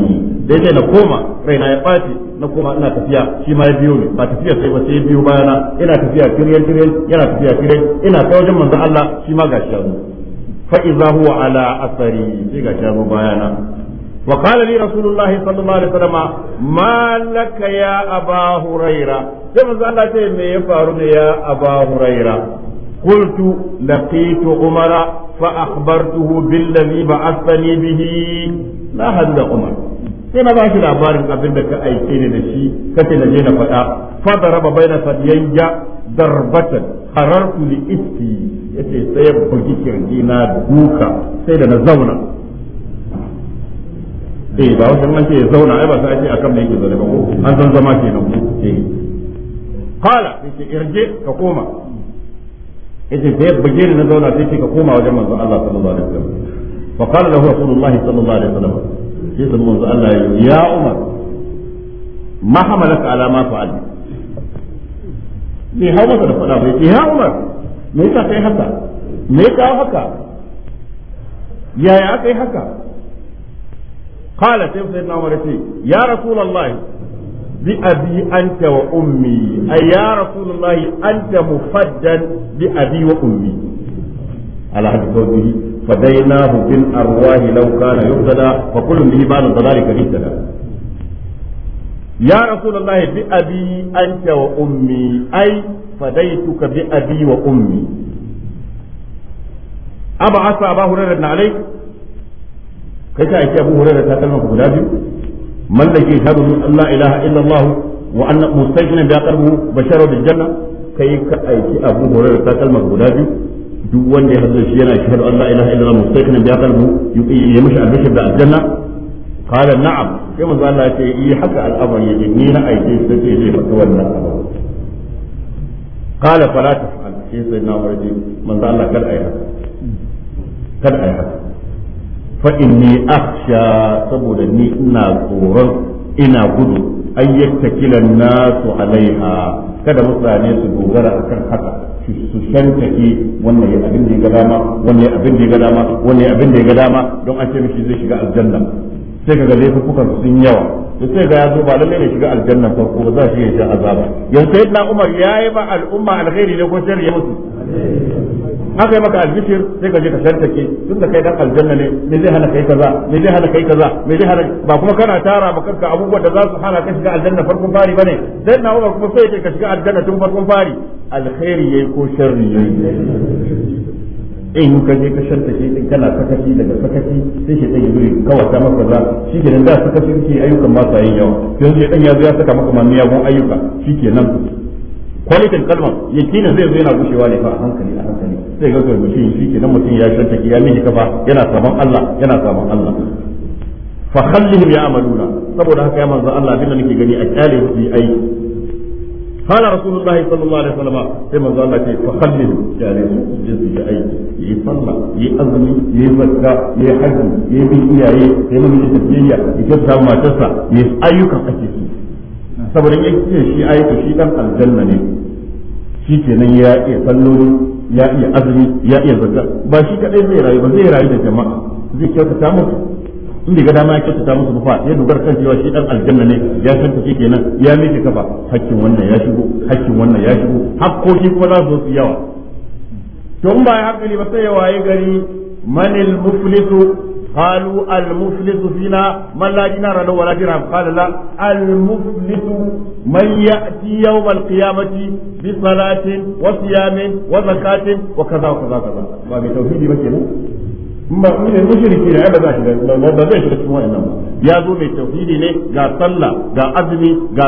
dai sai na koma raina ya fati na koma ina tafiya shi ma ya biyo ni ba tafiya sai ba sai ya biyo bayana ina tafiya kiryan kiryan yana tafiya kiryan ina ta wajen manzo Allah shi ma gashi ya zo fa idza huwa ala asari sai gashi ya zo bayana wa qala li rasulullahi sallallahu alaihi wasallam وسلم ما لك يا sai manzo Allah ce me ya faru ne ya Aba Huraira قلت لقيت عمر فأخبرته بالذي بعثني به لا هذا عمر sai na bashi labarin abin da ka aike ni da shi kake na je na faɗa fadara ba baina sadiyayya darbatan harartu li iski yace sai ya bugi kirji duka sai da na zauna eh ba wannan an ya zauna ai ba sai ake akan me yake zaune ba ko an san zama kenan ko eh qala yace irje ka koma yace sai buge ni na zauna sai ce ka koma wajen manzon Allah sallallahu alaihi wasallam fa qala lahu rasulullahi sallallahu alaihi wasallam sai sun manzon Allah ya Umar ma hamalaka ala ma fa'al bai hau masa da fada bai ce ya Umar me yasa kai haka me ya kawo haka yaya aka yi haka قال سيدنا عمر يا رسول الله بأبي أنت وأمي أي يا رسول الله أنت مفدا بأبي وأمي على حد قوله فديناه بالأرواح لو كان يهتدى فكل به بعد ذلك اهتدى يا رسول الله بأبي أنت وأمي أي فديتك بأبي وأمي أبعث أبا هريرة عليك كيف أتي أبو هريرة تكلمك بلادي man da ke shahadu an la ilaha illallah wa anna mustaqina da qalbu basharu bil janna kai ka aiki abu hurairah ta guda biyu duk wanda ya haddace yana shahadu allah la ilaha illallah mustaqina da qalbu ya mishi albishir da aljanna qala na'am sai manzo Allah ya ce yi haka al'amari yake ni na aike shi sai zai fata wannan abu qala fala taf'al sai sai na warje manzo Allah kada ayi haka kada ayi haka fa inni akhsha saboda ni ina tsoron ina gudu an yattakilan nasu alaiha kada mutane su dogara akan haka su shantake wannan ya abin da ya ga dama wannan ya abin da ya ga dama wannan ya abin da ya ga dama don an ce mishi zai shiga aljanna sai kaga kukan sun yawa da sai ga ya zo ba lalle ne shiga aljanna farko ba za shi ya sha azaba yanzu sayyidina Umar yayi ba al'umma alkhairi ne ko sharri ya mutu aka yi maka albishir sai ka je ka shantake tunda kai dan aljanna ne me zai hana kai kaza me zai hana kai kaza me zai hana ba kuma kana tara ba kanka abubuwan da za su hana ka shiga aljanna farkon fari bane sai na kuma sai ya ka shiga aljanna tun farkon fari alkhairi yayi ko sharri yayi in ka je ka shantake din kana sakaci daga sakaci sai shi sai zuri kawata maka za nan da sakaci ke ayyukan masu yin yawa yanzu ya dan ya zo ya saka maka miyagun ayyuka nan. kwalitin kalmar yakinin zai zo yana gushewa ne fa a hankali a hankali zai ga shi kenan mutum ya shanta ya miji kafa yana saman Allah yana saman Allah fa ya'maluna saboda haka ya manzo Allah abinda nake gani a kyale su yi aiki قال رسول الله صلى الله عليه وسلم كما قال لك فخلد يعني جزي اي يصلى يأذن يزكى يحج يبي إياه يمن يتبيع ما saboda in yake shi ai ka shi dan aljanna ne shi kenan ya iya salloli ya iya azumi ya iya zakka ba shi kadai zai rayu ba zai rayu da jama'a zai kyautata musu in bai dama ya kyautata musu fa ya dogara kan cewa shi dan aljanna ne ya san ta kenan ya miƙe kafa hakkin wannan ya shigo hakkin wannan ya shigo hakkoki kuma za su yawa to in ba ya hankali ba sai ya waye gari manil muflisu قالوا المفلس فينا na لا دينار له ولا درهم قال لا المفلس من يأتي يوم القيامة بصلاة وصيام وزكاة وكذا وكذا وكذا ما ne mushriki ne ba za shi ba zai zo mai tauhidi ne ga sallah ga azumi ga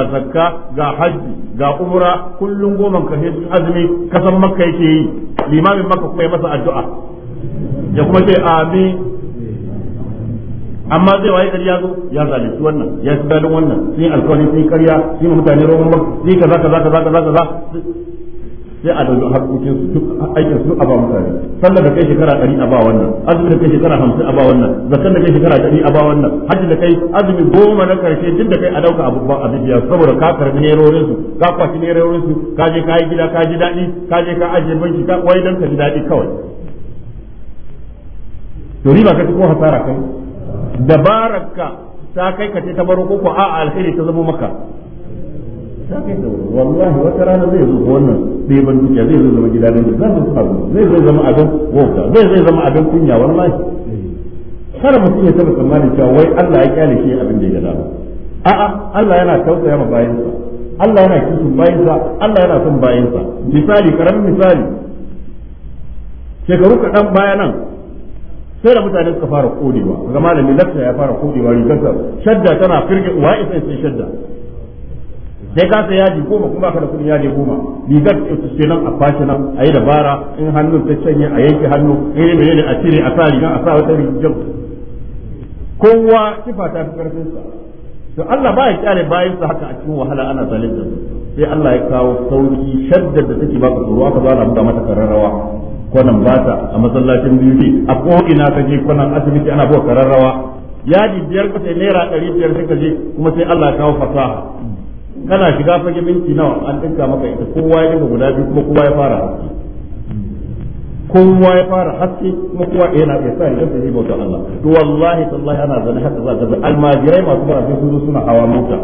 ga hajji ga umra kullum goman ka azumi kasan makka yake yi limamin maka kuma ya masa addu'a ya amin amma zai waye gari ya zo ya zalunci wannan ya fi dalin wannan sai alkawari sai karya sai mutane roman ba sai kaza kaza kaza kaza kaza sai a dauki harkokin su duk aikin su a ba mutane sallar da kai shekara ɗari a ba wannan azumi da kai shekara hamsin a ba wannan zakar da kai shekara ɗari a ba wannan hajji da kai azumi goma na karshe duk da kai a dauka abubuwan abibiya saboda ka karbi nerorin su ka kwashi nerorin su ka je ka yi gida ka ji daɗi ka je ka ajiye banki ka wai dan ka ji daɗi kawai to riba ka ci ko hasara kai dabararka ta kai ka ce ta baro ko a alheri ta zama maka ta kai ta wallahi wata rana zai zo wannan ban dukiya zai zo zama gida don zai zo abu zai zo zama abin wauta zai zai zama abin kunya wallahi kada mutum ya taba tsammanin cewa wai Allah ya kyale shi abin da ya gada ba a'a Allah yana tausaya ma bayansa Allah yana kishin bayansa Allah yana son bayansa misali karamin misali shekaru kaɗan baya nan sai da mutane suka fara kodewa ga malami lakta ya fara kodewa sa. shadda tana firge wa isa sai shadda sai ka sai yaji goma kuma ka da kudin yaji goma rigar ce nan a fashe nan a yi dabara in hannun ta canye a yanke hannu in yi mene a cire a sa rigar a sa wata rigar kowa kifa ta fi karfin sa to Allah ba ya kyale bayan su haka a cikin wahala ana zalunta sai Allah ya kawo sauki shaddar da take baka tsoro aka zana buga mata kararrawa kwanan bata a masallacin biyu a ko ina ka je kwanan asibiti ana buga kararrawa yaji biyar ka sai naira ɗari biyar sai ka je kuma sai Allah ya kawo fasaha kana shiga fage minti nawa an dinka maka ita kowa ya dinga guda biyu kuma kowa ya fara kowa ya fara haske kuma kowa yana ya sa idan sai bauta Allah to wallahi tallahi ana zane haka za ka ga almajirai masu karatu su suna hawa mota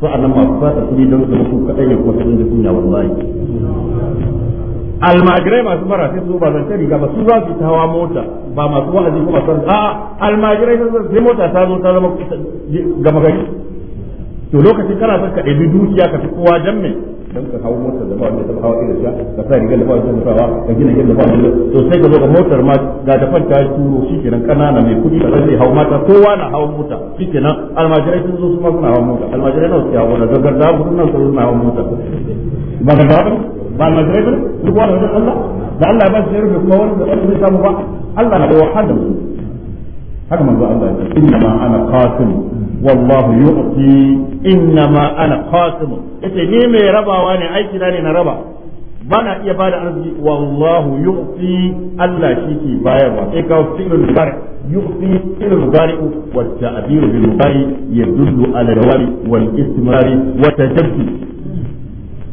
sa'annan masu fata kuɗi don su mutu kaɗai ne kuma kaɗan da kunya wallahi almajirai masu mara sai su ba zance kari. ba su za su ta hawa mota ba masu wa'azi kuma san a almajirai sai mota ta zo ta zama gama gari to lokacin kana son ka ɗabi dukiya ka fi kowa dan me dan ka hawo motar da ba wanda ta irin ka sa rigar da ba wanda ta ka gina gidan da ba wanda to sai ka zo ka motar ma ga fanta turo shikenan kanana mai kudi da zai hawo mata kowa na hawo mota shikenan almajirai sun zo su ma suna hawo mota almajirai na hawo na da sun nan suna hawo mota ba ka ba ba almajirai ba duk da Allah da Allah ba shi rufe zai samu ba Allah na da haka manzo Allah ya ce inna ma ana wallahu yu'ti innama ana qasim yace ni mai rabawa ne aiki na ne na raba bana iya bada arziki wallahu yu'ti Allah shi ke bayarwa sai ka fi'lul mudari irin fi'lul mudari wa ta'biru bil mudari yadullu ala dawami wal istimrari wata tajaddud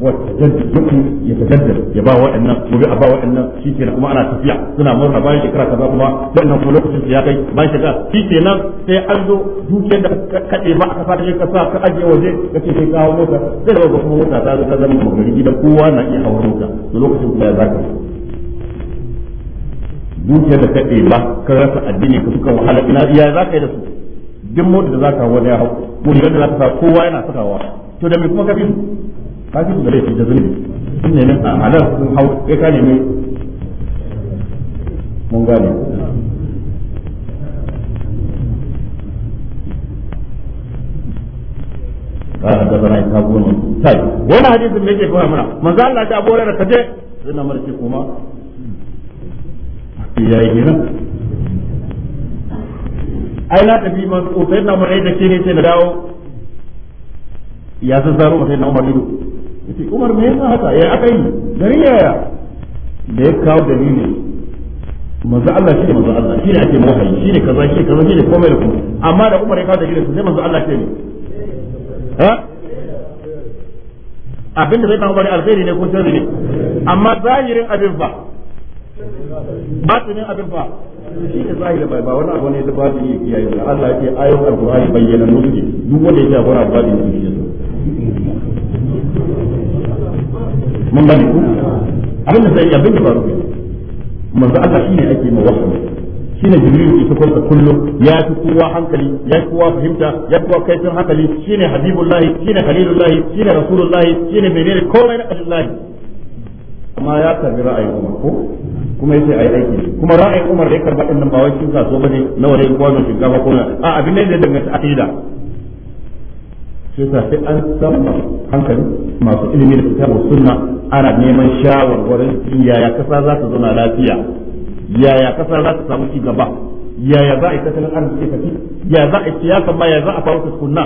والتجدد يقي يتجدد يبا وإن وبيع با وإن شيء كنا كما أنا تفيع سنا مرة باي إكرا كذا كما لأن في لوكس السياقي باي شكا شيء كنا سي أجو دوكي دا كأي ما أكفا تجي كسا كأجي وجي كتي كي كاو موتا زي لو بسمو موتا تازو كذا من مغربي جدا قوة نا إيحاو موتا لوكس السياقي dukiyar da ka ɗeba ka rasa addini ka suka wahala ina iya za ka yi da su duk mota da za ka wani ya hau mota da za ka sa kowa yana sakawa to da me kuma ka fi kafin da laifin da zunubi shi ne nan a nan sun hau ya ka nemi mun gane kafin da zana ta gona sai wani hadisin da yake kuma mana manzo Allah ta bore da kaje sai na marke kuma shi yayi hira ai na tafi man ko sai na mu rai da kine sai da dawo ya san zaro sai na umar ido yace Umar me yasa haka ya aka yi Me yaya da ya kawo dalili manzo Allah shi ne manzo Allah shi ne ake mawahayi shi ne kaza shi ne kaza shi ne komai da komai amma da Umar ya kawo dalili sai manzo Allah ce ne ha abin da zai kawo bari alheri ne ko sharri ne amma zahirin abin fa batinin abin fa shi ne zahiri bai ba wani abu ne da ba da yake kiyaye Allah ya ce ayoyin alqur'ani bayyana nuke duk wanda ya ce akwai abadi ne mun bane ku abin da sai abin da faru manzo aka shine ake ma wasu shine jibril ke ta kullu ya fi kowa hankali ya fi kowa fahimta ya fi kowa kaifin hankali shine habibullahi shine khalilullahi shine rasulullahi shine menene komai na Allah amma ya karbi ra'ayin Umar ko kuma yace ai aiki kuma ra'ayin Umar da ya karba din nan ba wai kin sa so bane na wani gwamnati shugaba ko a abin da ya danganta akida shi yasa sai an san hankali masu ilimi da kitabu sunna ana neman shawarwarin yaya kasa za ta zauna lafiya yaya kasa za ta samu ci gaba yaya za a yi tattalin arziki tafi ya za a yi siyasa ma ya za a fara kunna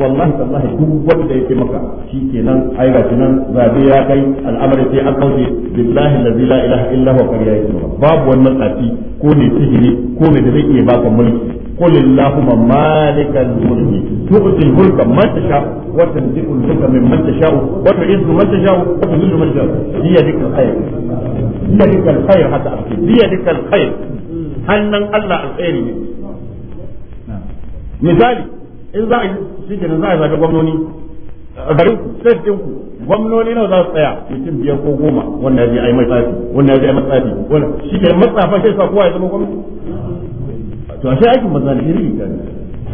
wallahi tallahi duk wanda yake maka shi kenan ai ga nan zabe ya kai al'amari sai an kauce billahi allazi la ilaha illa huwa kariya babu wannan tsafi ko ne sihiri ko ne da zai iya baka mulki قل اللهم مالك الملك تؤتي الملك من تشاء وتنزع الملك ممن تشاء وتعز من تشاء وتذل من تشاء بيدك الخير بيدك الخير حتى أبكي بيدك الخير هل من الله الخير misali in za a yi shi kenan za a zaga gwamnoni garin ku ku nawa za su tsaya mutum biyar ko goma wannan ya je mai tsafi wannan ya je ai mai shi matsafa sa kowa ya zama gwamnati to ashe aikin banza ne iri ta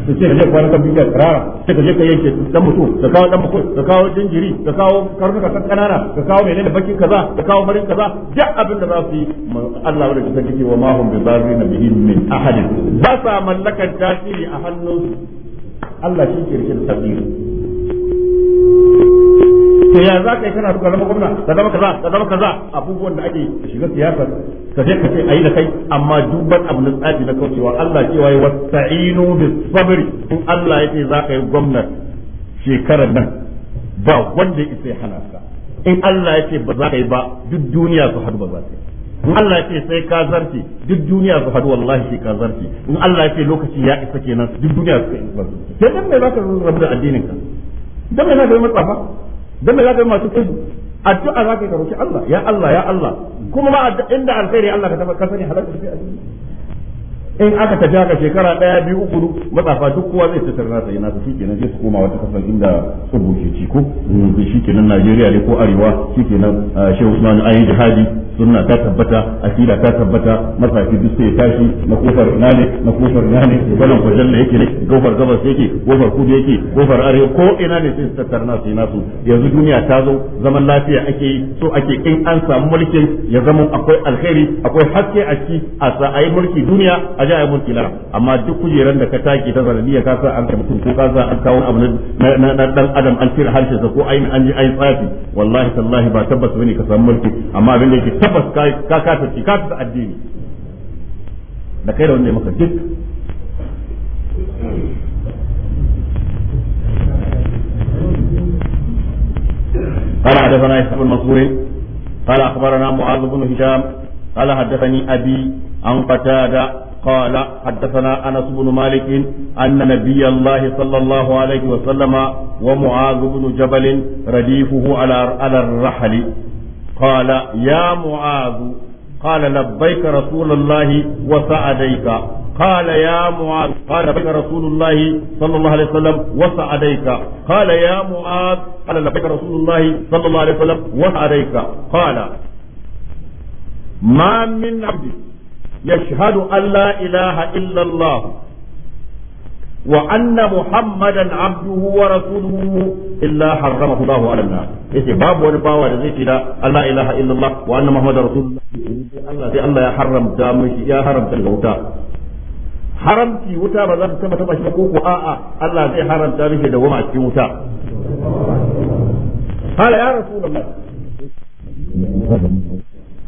to sai ka je kwana kan bidiyar karara sai ka je ka dan mutum ka kawo dan mutum ka kawo jinjiri ka kawo karnuka kan kanana ka kawo mai menene bakin kaza ka kawo farin kaza duk abin da za su yi Allah wanda ta kike wa mahum bi zarrin bihi min ahadin ba sa mallakan tasiri a hannun Allah shi ke rike da tabiri to ya za ka yi kana ka zama gwamna ka zama kaza ka zama kaza abubuwan da ake shiga siyasa ka je ka ce ayi da kai amma duban abu na tsafi na kaucewa Allah cewa ya wasta'inu bis sabri in Allah yake za ka yi gwamna shekarar nan ba wanda ya hana ka in Allah ya ce ba za ka yi ba duk duniya su hadu ba za ka yi in Allah ya ce sai ka zarce duk duniya su hadu wallahi sai ka zarce in Allah ya ce lokaci ya isa kenan duk duniya su kai ba sai dan me za ka rabu da addinin ka dan me za ka yi matsafa dan me zaka yi masu kudu addu'a zaka ka roki Allah ya Allah ya Allah kuma ma inda alkhairi Allah ka tabbata ka sani halaka sai a in aka tafi haka shekara ɗaya biyu uku matsafa duk kowa zai tattara nasa su su koma wata kasar inda tsubbu ke mm, Najeriya ne ko Arewa shikenan ah, Shehu Usman jihadi sunna ta tabbata akida ta tabbata duk sai tashi na kofar ina ne na kofar ina ne yake ne gofar gabas yake gofar kudu yake gofar arewa ko ina ne sai su nasu su yanzu duniya ta zo zaman lafiya ake yi so ake in an samu mulkin ya zama akwai alheri akwai haske a ciki a sa mulki duniya a ja ya mulki lara amma duk kujeran da ka take ta sanadiyya ka sa an kai mutum ko ka sa an kawo abu na dan adam an cire harshe sa ko ayin an ji tsafi wallahi tallahi ba tabbas bane ka samu mulki amma abin da yake tabbas ka ka ta ka ta addini da kai da wanda ya maka duk قال حدثنا يحيى بن منصور قال اخبرنا معاذ بن هشام قال حدثني ابي عن قتاده قال حدثنا أنس بن مالك أن نبي الله صلى الله عليه وسلم ومعاذ بن جبل رديفه على على الرحل قال يا معاذ قال لبيك رسول الله وسعديك قال يا معاذ قال لبيك رسول الله صلى الله عليه وسلم وسعديك قال يا معاذ قال لبيك رسول الله صلى الله عليه وسلم وسعديك قال ما من عبد yashhadu an la ilaha illa wa anna muhammadan abduhu wa rasuluhu illa harramahu Allahu da zai Allah ya haramta wuta haramci wuta ba za taba taba shi ba ko ko a'a Allah zai haramta mishi da goma cikin wuta ya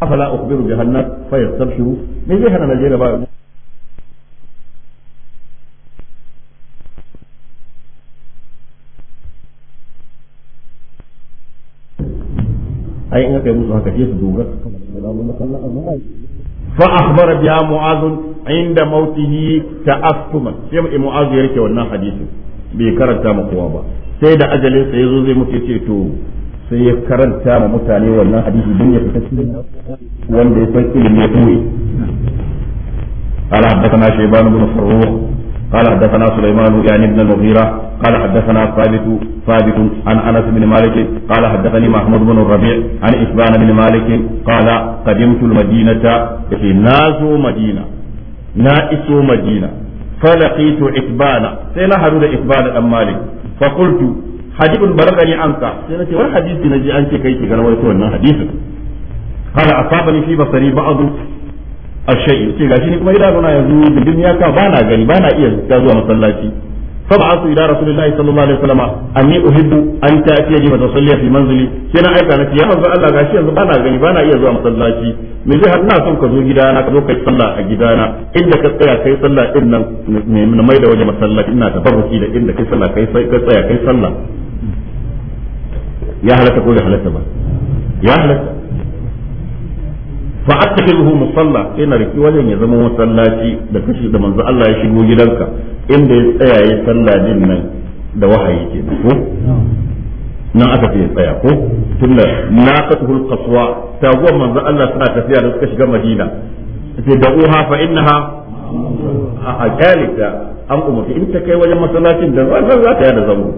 afala ukhbiru bi hannas fa yastabshiru me zai hana Najeriya ba ai in aka yi musu haka je su dogar. fa akhbara biya mu'az inda mautihi ta'assuma sai mu'az ya rike wannan hadisi bai karanta ba sai da ajalin yazo zai ce to sai ya karanta ma mutane wannan hadisi don ya fita cikin wanda ya san ilimi ya koyi قال حدثنا شيبان بن فروخ قال حدثنا سليمان يعني بن المغيرة قال حدثنا ثابت ثابت عن انس بن مالك قال حدثني محمود بن الربيع عن اسبان بن مالك قال قدمت المدينة في نازو مدينة نائس مدينة فلقيت إتبان سينا حدود إتبان أم مالك فقلت hadithun balagani anka sai nace wani hadisi na naji an ce kai ki garwai to wannan hadisin qala asabani fi basari ba'd ash-shay ce gashi ni kuma idanuna yanzu bidin ya ka bana gani bana iya zuwa masallaci فبعثوا الى رسول الله صلى الله عليه وسلم an احب ان تاتي لي فتصلي في منزلي كنا ايكا نتي يا منزل الله غاشي yanzu bana gani bana iya zuwa masallaci me zai har na son ka zo gidana ka zo kai sallah a gidana inda ka tsaya kai sallah din nan mai mai da waje masallaci na tabarruki da inda kai ka tsaya kai sallah ya halatta ko da halatta ba ya halatta fa musalla ina riki wajen ya zama masallaci da kashi da manzo Allah ya shigo gidanka inda ya tsaya ya sallah din nan da wahayi ke ko nan aka ce tsaya ko tunda manzo Allah suna tafiya da suka shiga Madina sai da uha fa innaha a kalita an umarci in ta kai wajen masallacin da za ta yada zango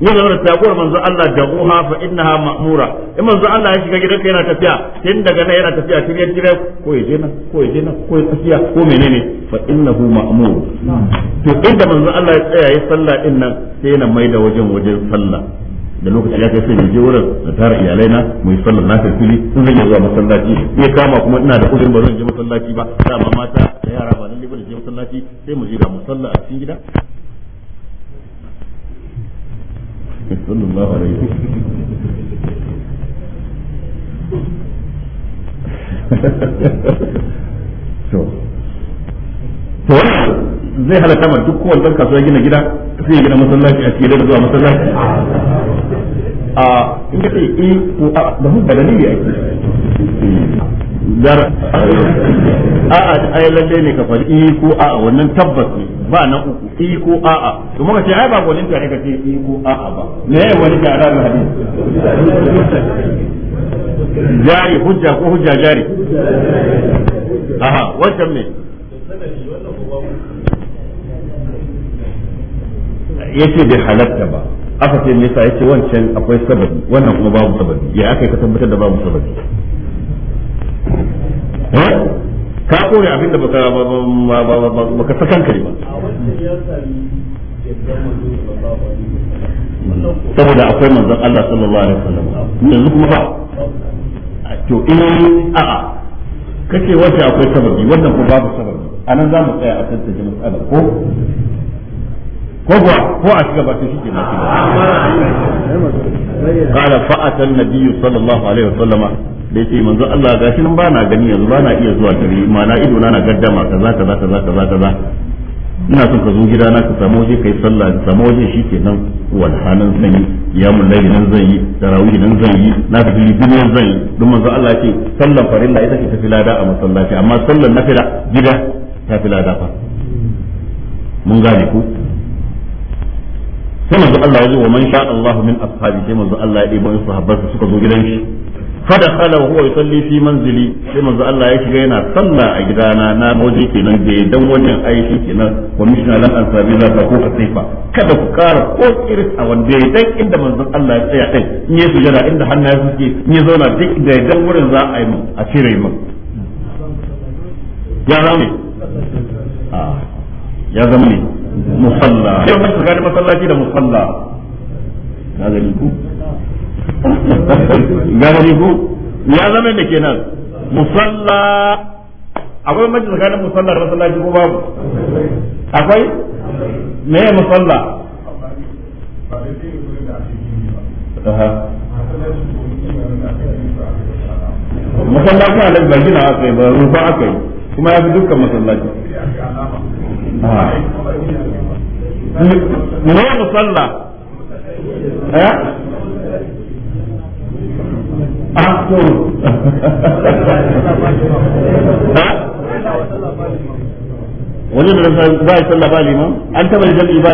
ya zama da taguwar manzo Allah da uha fa innaha ma'mura in manzo Allah ya shiga gidanka yana tafiya tun daga nan yana tafiya shirye shirye ko ya je nan ko ya je nan ko ya tafiya ko menene fa innahu ma'mur to inda manzo Allah ya tsaya ya sallah din nan sai yana mai da wajen wajen sallah da lokacin ya kai sai je wurin da tara iyalai na mu yi sallar nafil fili sun zai zuwa masallaci ya kama kuma ina da kudin ba zan je masallaci ba dama mata da yara ba nan ne ba da je masallaci sai mu je ga musalla a cikin gida sallallahu alaihi to to zai halatta mai duk kowanne kasuwa gina gida sai gina masallaci a cikin zuwa masallaci a in ka ce eh to a da mun da dalili ake zar a a ai lalle ne ka faɗi eh, ko a wannan tabbas ne ba na uku iko a'a to muka ce ai ba gwanin ta ka kace iko ko a'a ba me yayi wani da arabu hadisi jari hujja ko hujja jari aha wancan me yace bai halatta ba aka ce me yasa yace wancan akwai sababi wannan kuma babu sababi ya aka ka tabbatar da babu sababi eh? ka kore abin da baka ka sakan kai ba saboda akwai manzon Allah sallallahu alaihi wasallam yanzu kuma ba to in a'a kake wata akwai sababi wannan ko babu sababi anan za mu tsaya a kan taji matsalar ko ko ba ko a shiga ba ta shi ke na shiga qala fa'ata an-nabiy sallallahu alaihi wasallam da yace manzo Allah ga gashi nan na gani yanzu ba na iya zuwa gari na ido na na gaddama kaza kaza kaza kaza kaza ina son ka zo gida na ka samu waje kai sallah ka samu waje shikenan walhanan sanyi ya mullahi nan zan yi tarawih nan zan yi na fi duniya zan yi don manzo Allah ce sallan farilla ita ce tafi lada a masallaci amma sallan fira gida tafi lada fa mun gane ku sai manzo Allah ya zo wa man sha Allah min ashabi sai manzo Allah ya ɗebo in sahabbansa suka zo gidan shi fada kala huwa yusalli fi manzili sai manzo Allah ya shiga yana sallah a gidana na waje kenan da dan wajen aiki kenan commissioner an ansabi za ka ko kasifa kada ku kara ko iris a wanda ya dan inda manzo Allah ya tsaya din in ya sujada inda hannaye suke in ya zauna duk da dan wurin za a yi mu a cire mu ya zama ne ah, ya zama ne musalla yau mun ga masallaci da musalla na gani ku gane ku ya zama da kenan musalla akwai mace tsakanin musalla da masallaci ko babu akwai me ya musalla musalla kuma da daga na aka yi ba rufa aka yi kuma ya fi dukkan masallaci ne musalla eh? wani da ba ya sallah ba an taba jami'i ba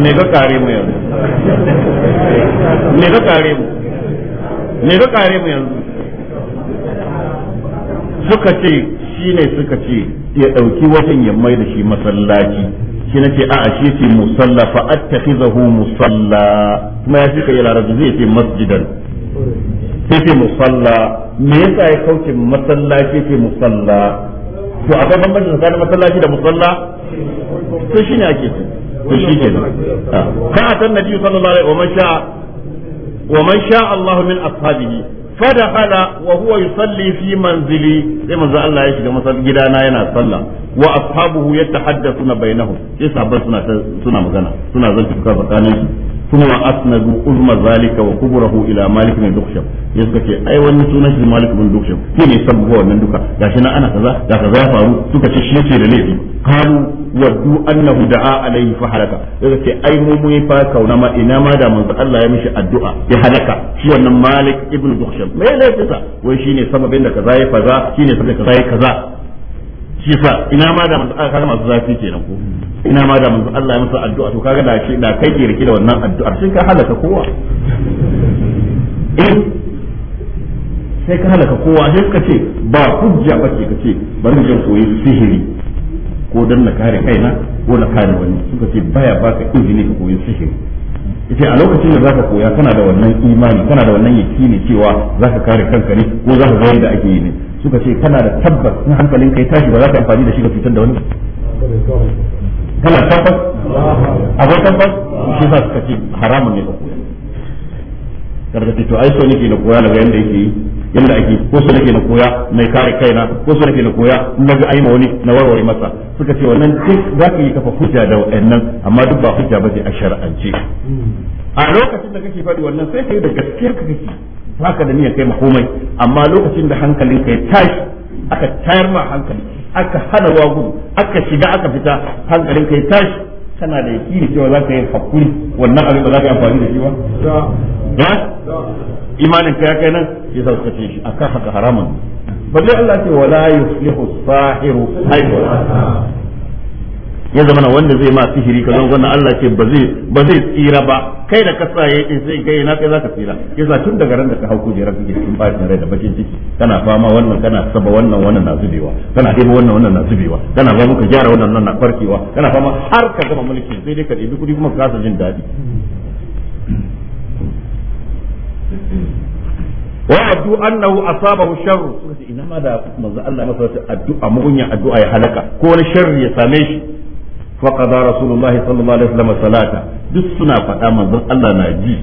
me kare mu yanzu me kare mu me kare mu yanzu suka ce shi ne suka ce ya ɗauki watan ya mai da shi masallaci shi na ce a'a shi ce musalla fa zahu musalla kuma ya fika yi larabci zai ce masjidan sai ce musalla me yasa ya kauce masallaci ce musalla to akwai bambanci tsakanin masallaci da musalla to shi ne ake to shi ke ah. san na biyu sallallahu alaihi wa man sha wa man sha Allah min ashabihi fadakhala wa huwa yusalli fi manzili sai manzo Allah ya shiga masal gidana yana sallah wa ashabuhu yatahaddathuna bainahum sai sahabbai suna suna magana suna zanta tsakanin su kuma asnadu uzma zalika wa kuburahu ila malik bin dukshab yanzu kace ai wannan sunan shi malik bin dukshab shi ne sabuwa wannan duka gashi na ana kaza da kaza ya faru suka ce shi ce da laifi qalu du annahu da'a alaihi fa halaka yanzu kace ai mu mun fa kauna ma ina ma da manzo Allah ya mishi addu'a ya halaka shi wannan malik ibn dukshab me laifin sa wai shine sababin da kaza ya faza shine sababin kaza ya kaza shi fa ina ma da manzo kaga masu zafi kenan ko ina ma da manzo Allah ya masa addu'a to kaga da shi da kai ke rike da wannan addu'ar sai ka halaka kowa eh sai ka halaka kowa sai ka ce ba hujja ba ce ka ce bari jin koyi sihiri ko dan na kare kaina ko na kare wani suka ce baya baka izini ka koyi sihiri ita a lokacin da zaka koya kana da wannan imani kana da wannan yakini cewa zaka kare kanka ne ko zaka ga yadda ake yi ne suka ce kana da tabbas in hankalin kai tashi ba za ka amfani da shi ga fitar da wani kana tabbas akwai tabbas shi za su kace haramun ne ka koya to ai so nake na koya daga yadda yake yi yadda ake ko su nake na koya mai kare kaina ko su nake na koya na ga aima wani na warware masa suka ce wannan duk za ka yi kafa hujja da wa'annan amma duk ba hujja ba ce a shari'ance a lokacin da kake faɗi wannan sai ka yi da gaskiyar ka kake baka da niyyar kai komai amma lokacin da hankalin ka ya tashi aka tayar ma hankali aka hana ruwa gudu aka shiga aka fita hankalin ka ya tashi kana da yakini cewa za ka yi hakuri wannan abin ba za ka yi amfani da shi ba imanin ka ya kai nan ya saukace shi akan haka haramun balle Allah ce wala yuflihu sahiru haihuwa ya zama na wanda zai ma sihiri ka zama wannan Allah ce ba zai ba zai tsira ba kai da ka tsaye in sai kai na kai zaka tsira yasa tun daga ran da ka hau kujera kake cikin bacin rai da bakin ciki kana fama wannan kana saba wannan wannan na zubewa kana ɗebo wannan wannan na zubewa kana ba muka gyara wannan nan na farkewa kana fama har ka gama mulkin sai dai ka ɗebi kuɗi kuma ka kasa jin daɗi wa'adu annahu asabahu sharru suka ce ina ma da manzo Allah masa addu'a mugunya addu'a ya halaka ko wani sharri ya same shi faqada rasulullahi sallallahu alaihi wasallam salata duk suna faɗa manzon Allah na ji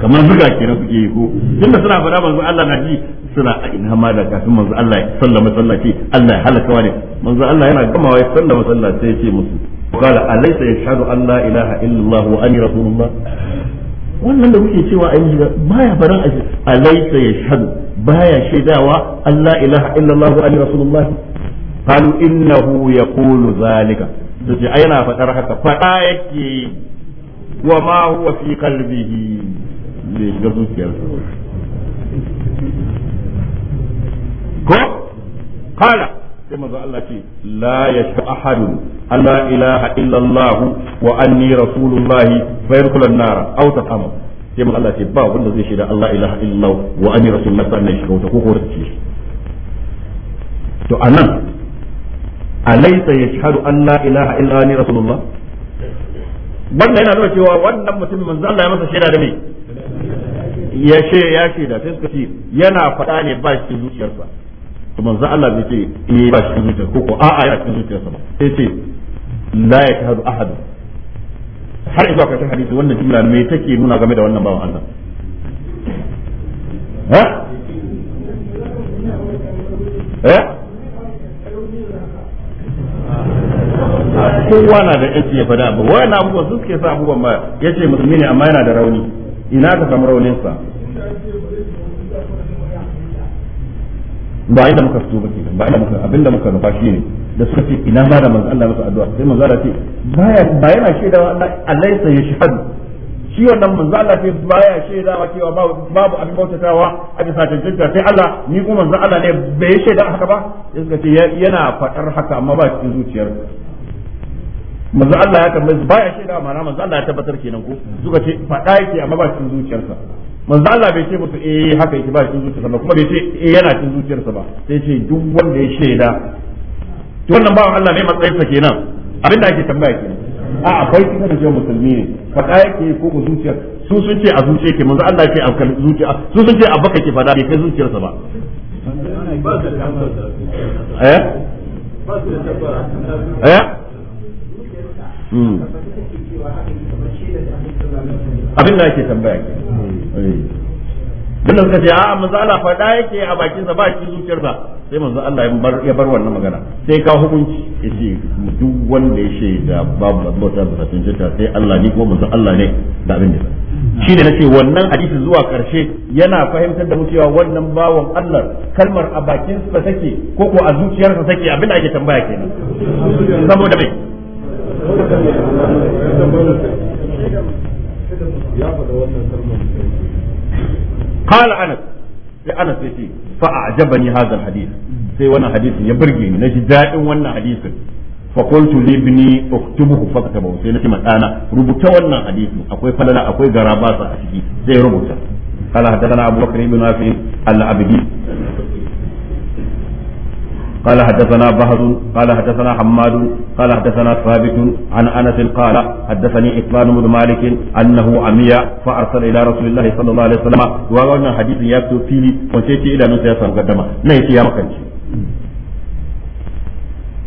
kamar zuga kenan suke yi ko tunda suna faɗa manzon Allah na ji suna a ina ma da kafin manzon Allah ya sallama sallaci Allah ya halaka wani manzon Allah yana gamawa ya sallama sallaci ya ce musu qala alaysa yashhadu an la ilaha illallah wa anni rasulullah wannan da kuke cewa ayi yi baya baran alaysa yashhadu baya shaidawa an la ilaha illallah wa anni rasulullah قالوا إنه يقول ذلك to ce yana faɗar haka faɗa yake yi wa ma huwa fi qalbihi shiga ko kala sai manzo Allah ce la yashfa ahadun alla ilaha illa Allah wa anni rasulullah fa yadkhulu an-nar aw taqama sai manzo Allah ce ba wanda zai shaida Allah ilaha illa Allah wa anni rasulullah fa ko to anan alaysa yashhadu an la ilaha illa ni rasulullah wannan yana nuna cewa wannan mutum manzo Allah ya masa shaida da me ya ce ya ce da sai suka ce yana faɗa ne ba shi zuciyarsa to manzo Allah bai ce eh ba shi zuciyar ko ko a'a ya zuciyar zuciyarsa ba sai ce la yashhadu ahad har izuwa karshen hadisi wannan jumla me take nuna game da wannan bawan Allah ha eh kowa na da yanci ya faɗa abubuwa wani abubuwa su suke sa abubuwan ba ya ce musulmi ne amma yana da rauni ina ka samu raunin sa ba inda muka fito ba kenan ba inda muka abinda muka nufa ne da suka ce ina ma da manzo Allah masa addu'a sai manzo Allah ce baya ba yana shaidawa alaysa yashhadu shi wannan manzo Allah ce baya shaidawa cewa babu abin bautatawa a bisa cancanta sai Allah ni kuma manzo Allah ne bai shaida haka ba sai suka ce yana fadar haka amma ba cikin zuciyar manzo Allah ya tambaye ya shaida ma'ana manzo Allah ya tabbatar kenan ko suka ce faɗa yake amma ba cikin zuciyarsa manzo Allah bai ce musu eh haka yake ba cikin zuciyarsa ba kuma bai ce eh yana cikin zuciyarsa ba sai ce duk wanda ya shaida to wannan wa Allah ne matsayinsa kenan abinda ake tambaya kenan a akwai cikin da musulmi ne faɗa yake ko ko zuciyar su sun ce a zuciya ke manzo Allah ke a zuciya su sun ce a baka ke faɗa bai kai zuciyarsa ba eh Hmm. abin da ake tambaya ke eh. duk da suka ce a manzo Allah faɗa yake a bakinsa ba shi zuciyarsa sai manzo Allah ya bar wannan magana sai ka hukunci yace duk wanda ya da babu bauta da tantance sai Allah ne kuma manzo Allah ne da abin da shi ne nace wannan hadisi zuwa karshe yana fahimtar da mu cewa wannan bawan Allah kalmar a bakinsa take ko ko a zuciyarsa take abin da ake tambaya kenan saboda mai قال أنس أنس يتي فأعجبني هذا الحديث sai wannan hadisin ya burge ni naji daɗin wannan hadisin fa qultu li ibni uktubuhu faktabahu sai nace madana rubuta wannan hadisin akwai falala akwai garabasa a ciki sai rubuta قال حدثنا ابو بكر بن نافع abid'i. قال حدثنا بهز قال حدثنا حماد قال حدثنا ثابت عن انس قال حدثني عثمان بن مالك انه عمي فارسل الى رسول الله صلى الله عليه وسلم وقال حديث يكتب فيه وشيتي الى نسيا سنقدمه نيتي يا مكانش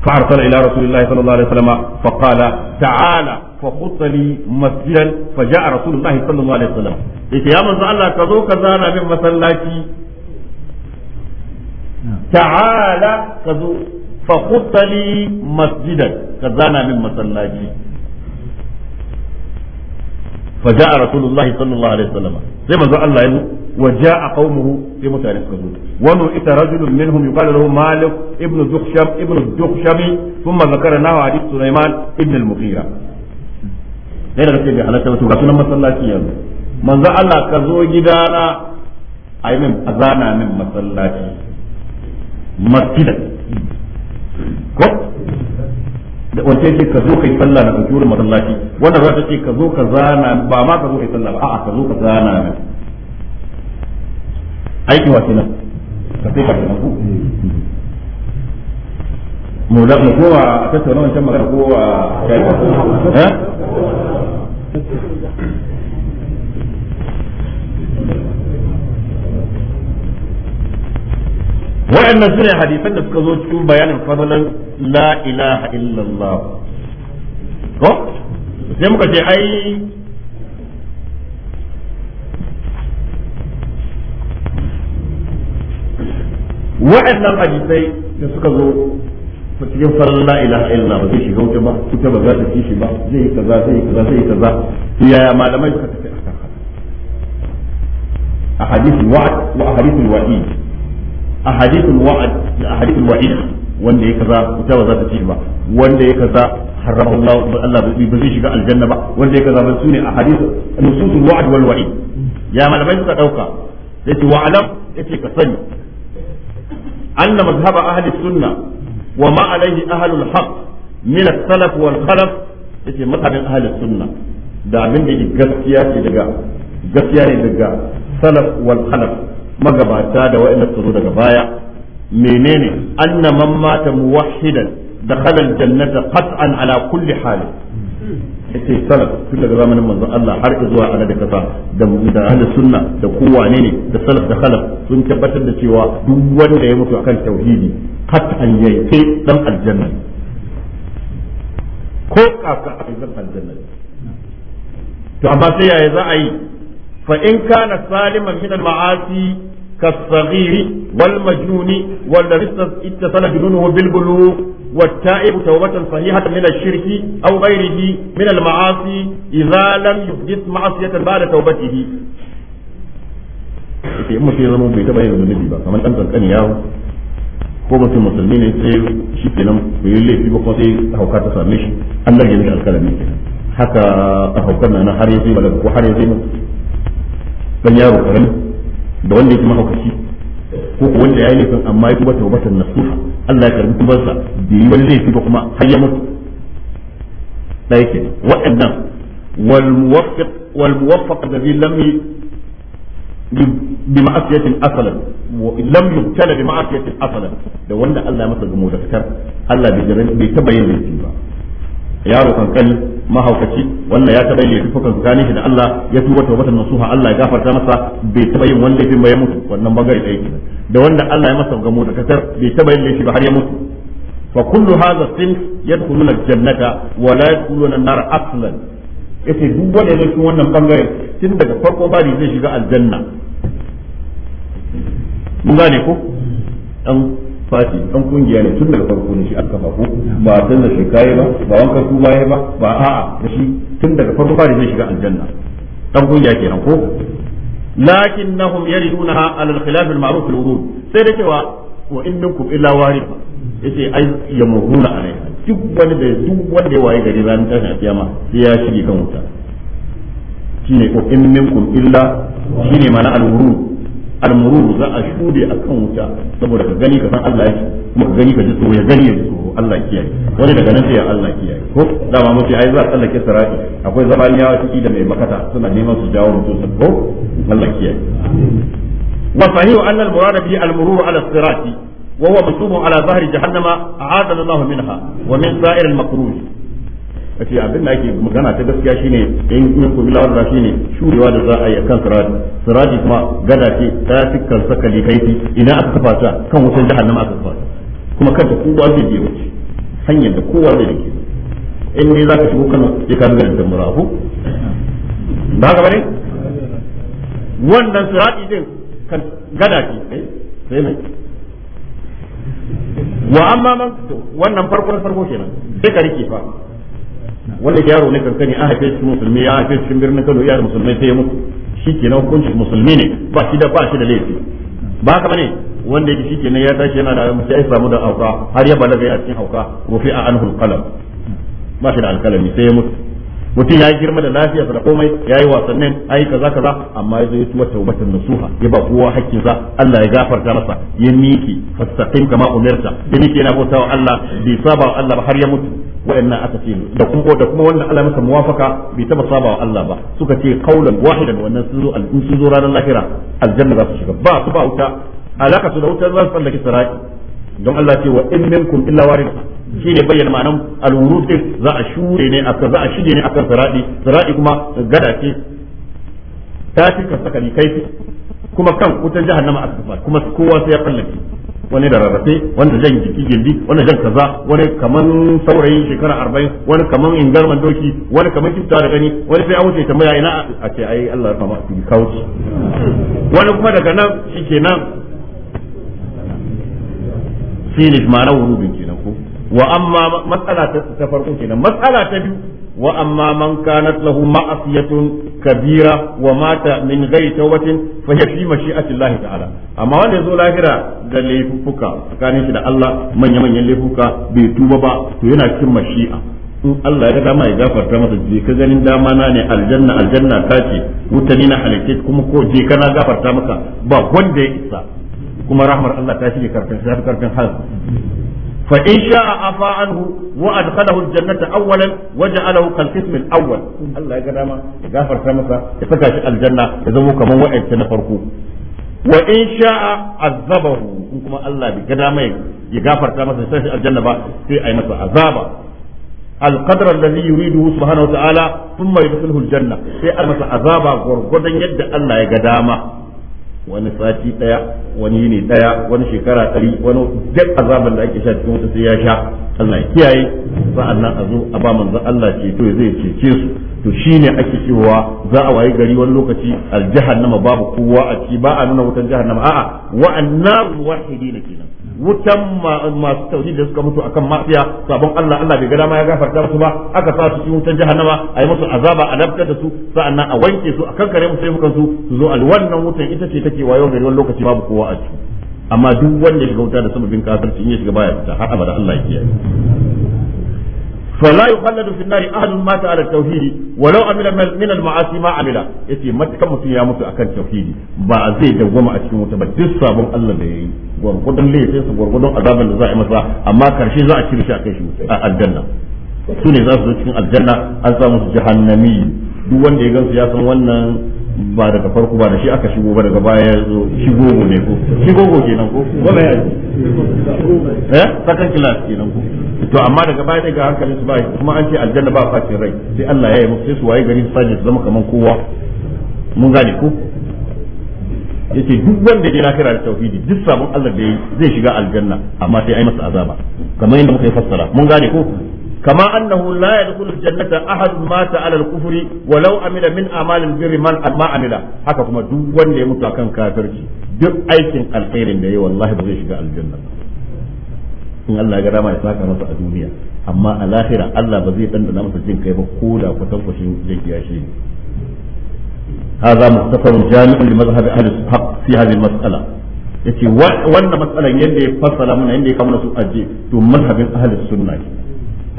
فارسل الى رسول الله صلى الله عليه وسلم فقال تعالى فخط لي مسجدا فجاء رسول الله صلى الله عليه وسلم يا من الله كذو كذا من مسلاتي تعالى ka zo لي مسجدا masjidan من zana فجاء رسول الله صلى الله عليه وسلم زي ما manzo Allah ya وجاء قومه في متعرف كذوب اتى رجل منهم يقال له مالك ابن الدخشم ابن الدخشم ثم ذكرناه حديث سليمان ابن المغيرة لأن رسول الله عليه رسول الله صلى من ذا الله كذو جدانا أي من أزانا من مسلاتي masjidan ko da wace ce ka zo kai sallah na kafuru masallaci wanda za ta ce ka zo ka zana ba ma ka zo kai sallah ba a'a ka zo ka zana ne aiki wace kenan ka sai ka tana ku mu da mu ko a tattauna wancan magana kowa ha eh? waɗannan sune hadisan da suka zo cikin bayanin fadalan la ilaha illallah ko sai muka ce ai waɗannan hadisai da suka zo cikin farin la ilaha illallah ba zai shiga wuta ba wuta ba za ta ci shi ba zai yi kaza zai yi kaza zai yi kaza yaya malamai suka tafi akan haka a hadisi wa'ad wa a hadisi wa'id ahadithul wa'id wanda ya kaza wuta ba za ta ci ba wanda ya kaza harrama Allah Allah ba zai shiga aljanna ba wanda ya kaza ba sune ahadith nususul wa'd wal wa'id ya malamai suka dauka yace wa alam yace ka sani anna mazhaba ahli sunna wa ma alaihi ahlul haqq min as-salaf wal khalaf yace mazhabin ahli sunna da abin da gaskiya ce daga gaskiya ne daga salaf wal khalaf magabata da waɗanda su zo daga baya menene anna man mata muwahhidan dakhala aljannata qat'an ala kulli hal yace salaf tun daga zamanin manzon Allah har zuwa ana da kasa da da ahli sunna da kowane ne da salaf da khalaf sun tabbatar da cewa duk wanda ya mutu akan tauhidi qat'an yayi sai dan aljanna ko kaka a cikin aljanna to amma sai yaya za a yi fa in kana saliman min al-ma'asi كالصغير والمجنون والذي اتصل جنونه بالبلوغ والتائب توبة صحيحة من الشرك أو غيره من المعاصي إذا لم يحدث معصية بعد توبته ke in mutum ya zama bai taba yin zunubi ba kamar dan kankani yawo ko mutum musulmi ne sai shi kenan bai yi laifi ba ko sai hauka ta same shi an lage ne alkalami haka a haukar na har ko har da wanda yake mahaukaci ko ko wanda ya yi laifin amma ya tuba tawbatan nasuha Allah ya karbi tubarsa da yi wani laifi ba kuma har ya mutu da yake waɗannan wal muwaffiq wal muwaffaq alladhi lam بمعصية أصلا لم يبتلى بمعصية أصلا da wanda Allah ya masa gumo da fitar Allah bai yin da ba yaro kan mahaukaci wannan ya taba yi fukan tsakanin shi da Allah ya tuba tawbatan nasuha Allah ya gafarta masa bai taba yin wanda ba ya mutu wannan bangare ɗaya kenan da wanda Allah ya masa gamo da kasar bai taba yin shi ba har ya mutu fa kullu hadha sinf yadkhuluna al-jannata wa la yadkhuluna an-nar aslan yace duk wanda ya cikin wannan bangare tun daga farko bari zai shiga aljanna mun gane ko fati dan kungiya ne tun daga farko ne shi an kafa ko ba a canza shekaye ba ba wankan tuba ya ba ba a'a da shi tun daga farko fari zai shiga aljanna dan kungiya kenan ko lakinnahum yaridunaha ala al-khilaf al-ma'ruf al-wurud sai da cewa wa in minkum illa waritha yace ai yamuruna alaiha duk wani da duk wanda ya waye gari ran tashin kiyama sai ya shige kan wuta shine ko in minkum illa shine mana al-wurud almururu za a shude a kan wuta saboda ka gani ka san Allah yake kuma ka gani ka ji tsoro ya gani ya ji tsoro Allah kiyaye wani daga nan sai ya Allah kiyaye ko da ma mafi ai za a tsallake sarati akwai zabaniyawa ciki da mai makata suna neman su jawo mutum su ko Allah kiyaye وصحيح أن المراد به المرور على الصراط وهو مكتوب على ظهر جهنم أعاذنا wa min ومن سائر المكروه kace abin da ake magana ta gaskiya shine in in ku bila Allah shine shurewa da za a yi kan sirati sirati kuma gada ce ta tikkan saka likaiti ina aka kafa ta kan wutan jahannama aka kafa kuma kanta ba zai je wuce hanyar da kowa zai dake in ne zaka shigo kan ya kan ga da murafu ba ka bane wannan sirati din kan gada ce eh, sai mai wa amma man wannan farkon farko kenan sai ka rike fa wanda yaro ne kankani an haife shi musulmi ya haife shi birnin Kano yaro musulmai sai ya mutu shikenan hukunci musulmi ne ba shi da ba shi da laifi ba haka bane wanda yake shikenan ya tashi yana da mutum ya samu da auka har ya balaga a cikin auka kofi a anhul qalam ba shi da alkalami sai ya mutu mutum ya girma da lafiya da komai ya yi wasannin ayi kaza kaza amma ya zo ya tuwa taubatan nasuha ya ba kowa hakkin sa Allah ya gafarta masa ya miki fastaqim kama umirta da miki yana bautawa Allah bai saba Allah ba har ya mutu wa'annan aka ce da kuma da kuma wannan Allah masa muwafaka bai taba saba wa Allah ba suka ce qaulan wahidan wannan sun zo al'in sun zo ranar lahira aljanna za su shiga ba su ba wuta alaka su da wutar za su tsallake sarai don Allah ce wa in minkum illa warid shi ne bayyana ma'anar alwuru din za a shure ne akan za a shige ne akan siradi siradi kuma gada ce ta fi ka saka ni kai kuma kan wutan jahannama aka tafa kuma kowa sai ya kallake wani da rarrafe wanda jan jiki gindi wani jan kaza wani kaman saurayin shekara arba'in wani kaman ingarman doki wani kaman kifta da gani wani sai an wuce tambaya ina a ce ai Allah ya fama a kauci wani kuma daga nan shikenan silid ma'ana wurudin kenan ko wa amma matsala ta farko kenan matsala ta biyu wa amma man kanat lahu ma'asiyatun kabira wa mata min ghairi tawbatin fa hiya fi mashi'ati ta'ala amma wanda yazo lahira da laifuka tsakanin shi da Allah manya manyan laifuka bai tuba ba to yana cikin mashi'a in Allah ya dama ya gafarta masa je ka ganin dama na ne aljanna aljanna ta ce wuta na halitta kuma ko je kana gafarta maka ba wanda ya isa kuma rahmar Allah ta shige karfin karfin hal fa in sha'a afa anhu wa adkhalahu aljannata awwalan waja'alahu kal qism alawwal Allah ya ga dama ya gafarta masa ya saka shi aljanna ya zama kaman na farko wa in sha'a azabahu in kuma Allah bai ga dama ya gafarta masa ya saka shi aljanna ba sai ai masa azaba القدر الذي يريده سبحانه وتعالى ثم يدخله الجنة في أمس عذابا غرغدا يد الله يقدامه wani sati daya wani yini daya wani shekara ɗari wani duk azaban da ake sha cikin wata sai ya sha Allah ya kiyaye sa'annan a zo a ba manzon Allah ceto zai cece su to shine ake cewa za a waye gari wani lokaci aljahannama babu kowa a ci ba a nuna wutan jahannama a'a wa'annar wahidina kenan wutan masu tauri da suka mutu akan mafiya sabon Allah Allah bai ga dama ya gafarta musu ba aka sa su cikin wutan jahannama a yi musu azaba a lafta da su sa'annan a wanke su a kankare musu laifukan su su zo al wannan wutan ita ce take wayo gari wani lokaci babu kowa a ciki amma duk wanda ya shiga wuta da sababbin kafirci in ya shiga baya fita har abada Allah ya kiyaye فلا يخلد في النار mata مات على التوحيد ولو عمل من المعاصي ما عمل yace matakan mutum ya mutu akan tauhidi ba zai dawwama a cikin wuta ba duk sabon Allah da yayi gurgudun laifin su da za a yi amma karshe za a cire shi a kai shi a aljanna su ne zo cikin aljanna an duk wanda ya gansu wannan ba daga farko ba da shi aka shigo ba daga baya ya zo shigo mu ne ko shigo go kenan ko wala ya eh second class kenan ko to amma daga baya daga hankalin su ba kuma an ce aljanna ba fatin rai sai Allah ya yi musu sai su waye gari su saje su zama kaman kowa mun gane ko yace duk wanda ya lafira da tauhidi duk sabon Allah da zai shiga aljanna amma sai ai masa azaba kamar yadda muka yi fassara mun gane ko كما أنه لا يدخل الجنة أحد مات على الكفر ولو عمل من أعمال البر من ما عمل haka kuma duk wanda ya mutu akan kafirci duk aikin alkhairin da yayi wallahi ba zai shiga aljanna in Allah ya dama ya saka masa a duniya amma a lahira Allah ba zai dandana masa jin kai ba ko da kwatankwashin zai kiya shi هذا مختصر جامع لمذهب أهل الحق في هذه المسألة yace wannan matsalan yadda ya fassala mana yadda ya kama su aje to mazhabin ahlus sunna ne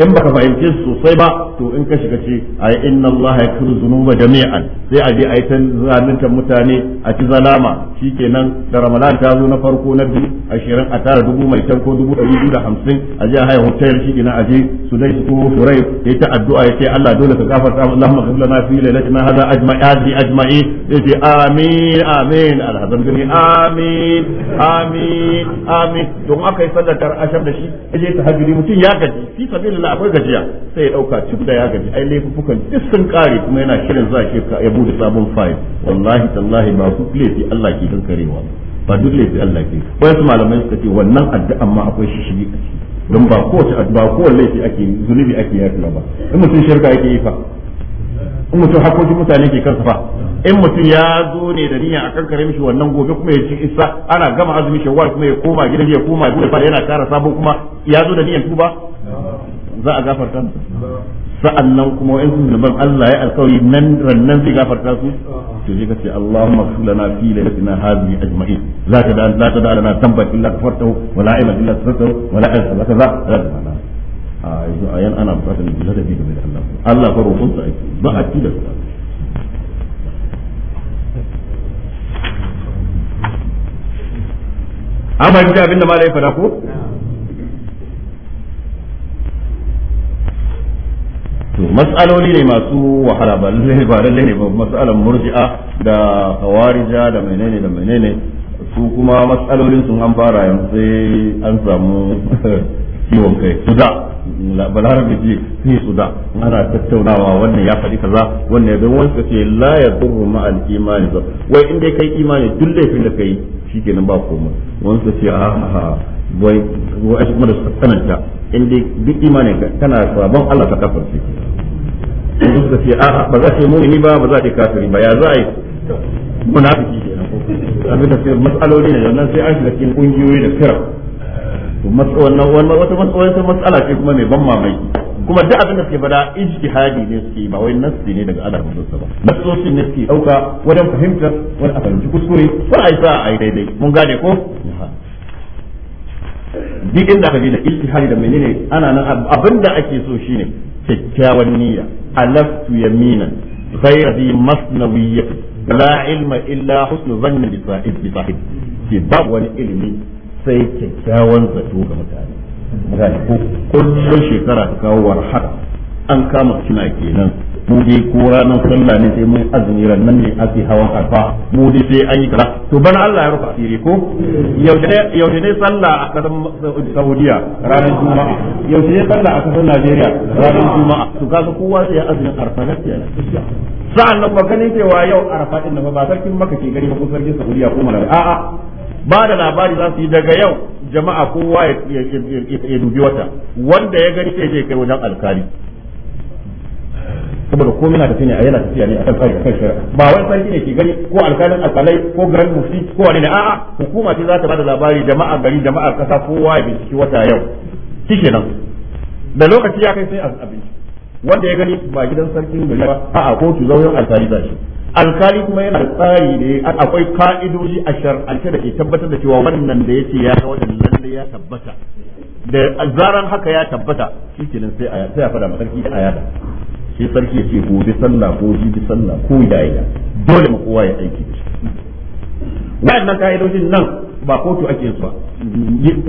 in baka fahimce su sosai ba to in ka shiga ce ai inna Allah ya kuru zunuba jami'an sai a je a yi ta zalunta mutane a ci zalama shikenan da ramadan ta zo na farko na biyu ashirin a tara dubu mai can ko dubu ɗari biyu da hamsin a je a haya hotel shikenan a je su dai su tuwo turai ya ta addu'a ya ce Allah dole ka gafarta mu Allahumma ghfir lana fi lailatina hadha ajma'i ajma'i ya ce amin amin alhamdulillah amin amin amin don aka yi sallar ashar da shi ya je tahajjudi mutum ya gaji fi sabilillah Allah akwai gajiya sai ya dauka cif da ya gaji ai laifukan duk sun kare kuma yana shirin za shi ya bude sabon fayil wallahi tallahi ba su laifi Allah ke karewa ba duk laifi Allah ke su malamai suka ce wannan addu'a ma akwai shishigi a ciki don ba kowace ba ko laifi ake zunubi ake yafi ba in mutum shirka ake yi fa in mutum hakokin mutane ke kansa fa in mutum ya zo ne da niyya a kankare mishi wannan gobe kuma ya ci isa ana gama azumi shawwal kuma ya koma gidan ya koma gidan fa yana kara sabon kuma ya zo da niyyar tuba za a gafarta musu sa'annan kuma wa'in sun zunuban Allah ya alkawari nan rannan zai gafarta su to je ka ce Allahumma ighfir lana fi lailatina hadhihi ajma'in la ta da za ka da lana dhanban illa ghafartahu wa la ilma illa sattahu wa la ilma kaza a yanzu a yan ana bukatar ladabi game da Allah Allah fa roƙon sa ake ba a tilasta an fahimci abin da malai fada ko to matsaloli ne masu wahala ba lalle ba lalle ne ba matsalan murji'a da kawarija da menene da menene su kuma matsalolin sun an fara yanzu sai an samu ciwon kai suda balarabe ji fi suda ana tattaunawa wannan ya faɗi kaza wannan ya don wani ce la ya durru ma al imani ba wai in dai kai imani duk laifin da kai shikenan ba komai wani suka ce a wai wai kuma da tsananta in dai duk imanin kana sabon Allah ta kafarce suka ce a'a ba za ce mu'mini ba ba za ce kafiri ba ya za a yi munafiki kenan ko abin da sai mas'aloli ne nan sai an shiga cikin kungiyoyi da kira to wannan wata wata matsala ce kuma mai ban mamaki kuma duk abin da suke bada ijtihadi ne suke ba wai nassi ne daga Allah mutunta ba nassosin ne suke dauka wajen fahimtar wani a fahimci kuskure wani a yi sa a yi daidai mun gane ko duk inda aka je da iltihadi da menene ana nan da ake so shine kyakkyawan niyya alaftu yamina ghayra bi masnawiyyah la ilma illa husnu dhanni bi sahib bi sahib ki babu wani ilimi sai kyakkyawan zato ga mutane misali ko kullum shekara ka kawo warhaka an kama kina kenan mu dai ko ranar sallah ne sai mun azumi nan ne ake hawan arfa mu dai sai an yi kaza to bana Allah ya rufa asiri ko yaushe ne sallah a kasar Saudiya ranar Juma'a yaushe ne sallah a kasar Najeriya ranar Juma'a to kaga kowa sai ya azumin arfa na tiyana sa'an nan ba ganin cewa yau arfa din ba sarkin maka ke gari ba ko sarkin Saudiya ko malaka a'a ba da labari za su yi daga yau jama'a kowa ya dubi wata wanda ya gani sai ya kai wajen alkali saboda ko muna tafiya ne a yana tafiya ne akan tsari akan shari'a ba wai sarki ne ke gani ko alkalin alkalai ko grand mufti ko wani ne a'a hukuma ce za ta bada labari jama'a gari jama'a kasa kowa ya binciki wata yau nan da lokaci ya kai sai a binciki wanda ya gani ba gidan sarkin gari ba a'a ko ki zauren alkali za shi alkali kuma yana da tsari ne akwai ka'idoji a shar'ance da ke tabbatar da cewa wannan da yake ya ga wannan lalle ya tabbata da zaran haka ya tabbata kenan sai a sai a fada masarki a yada sai sarki ya ce gobe sallah ko jibi sallah ko yaya dole mu kowa ya aiki da shi wa'annan ka'idojin nan ba kotu ake yin su ba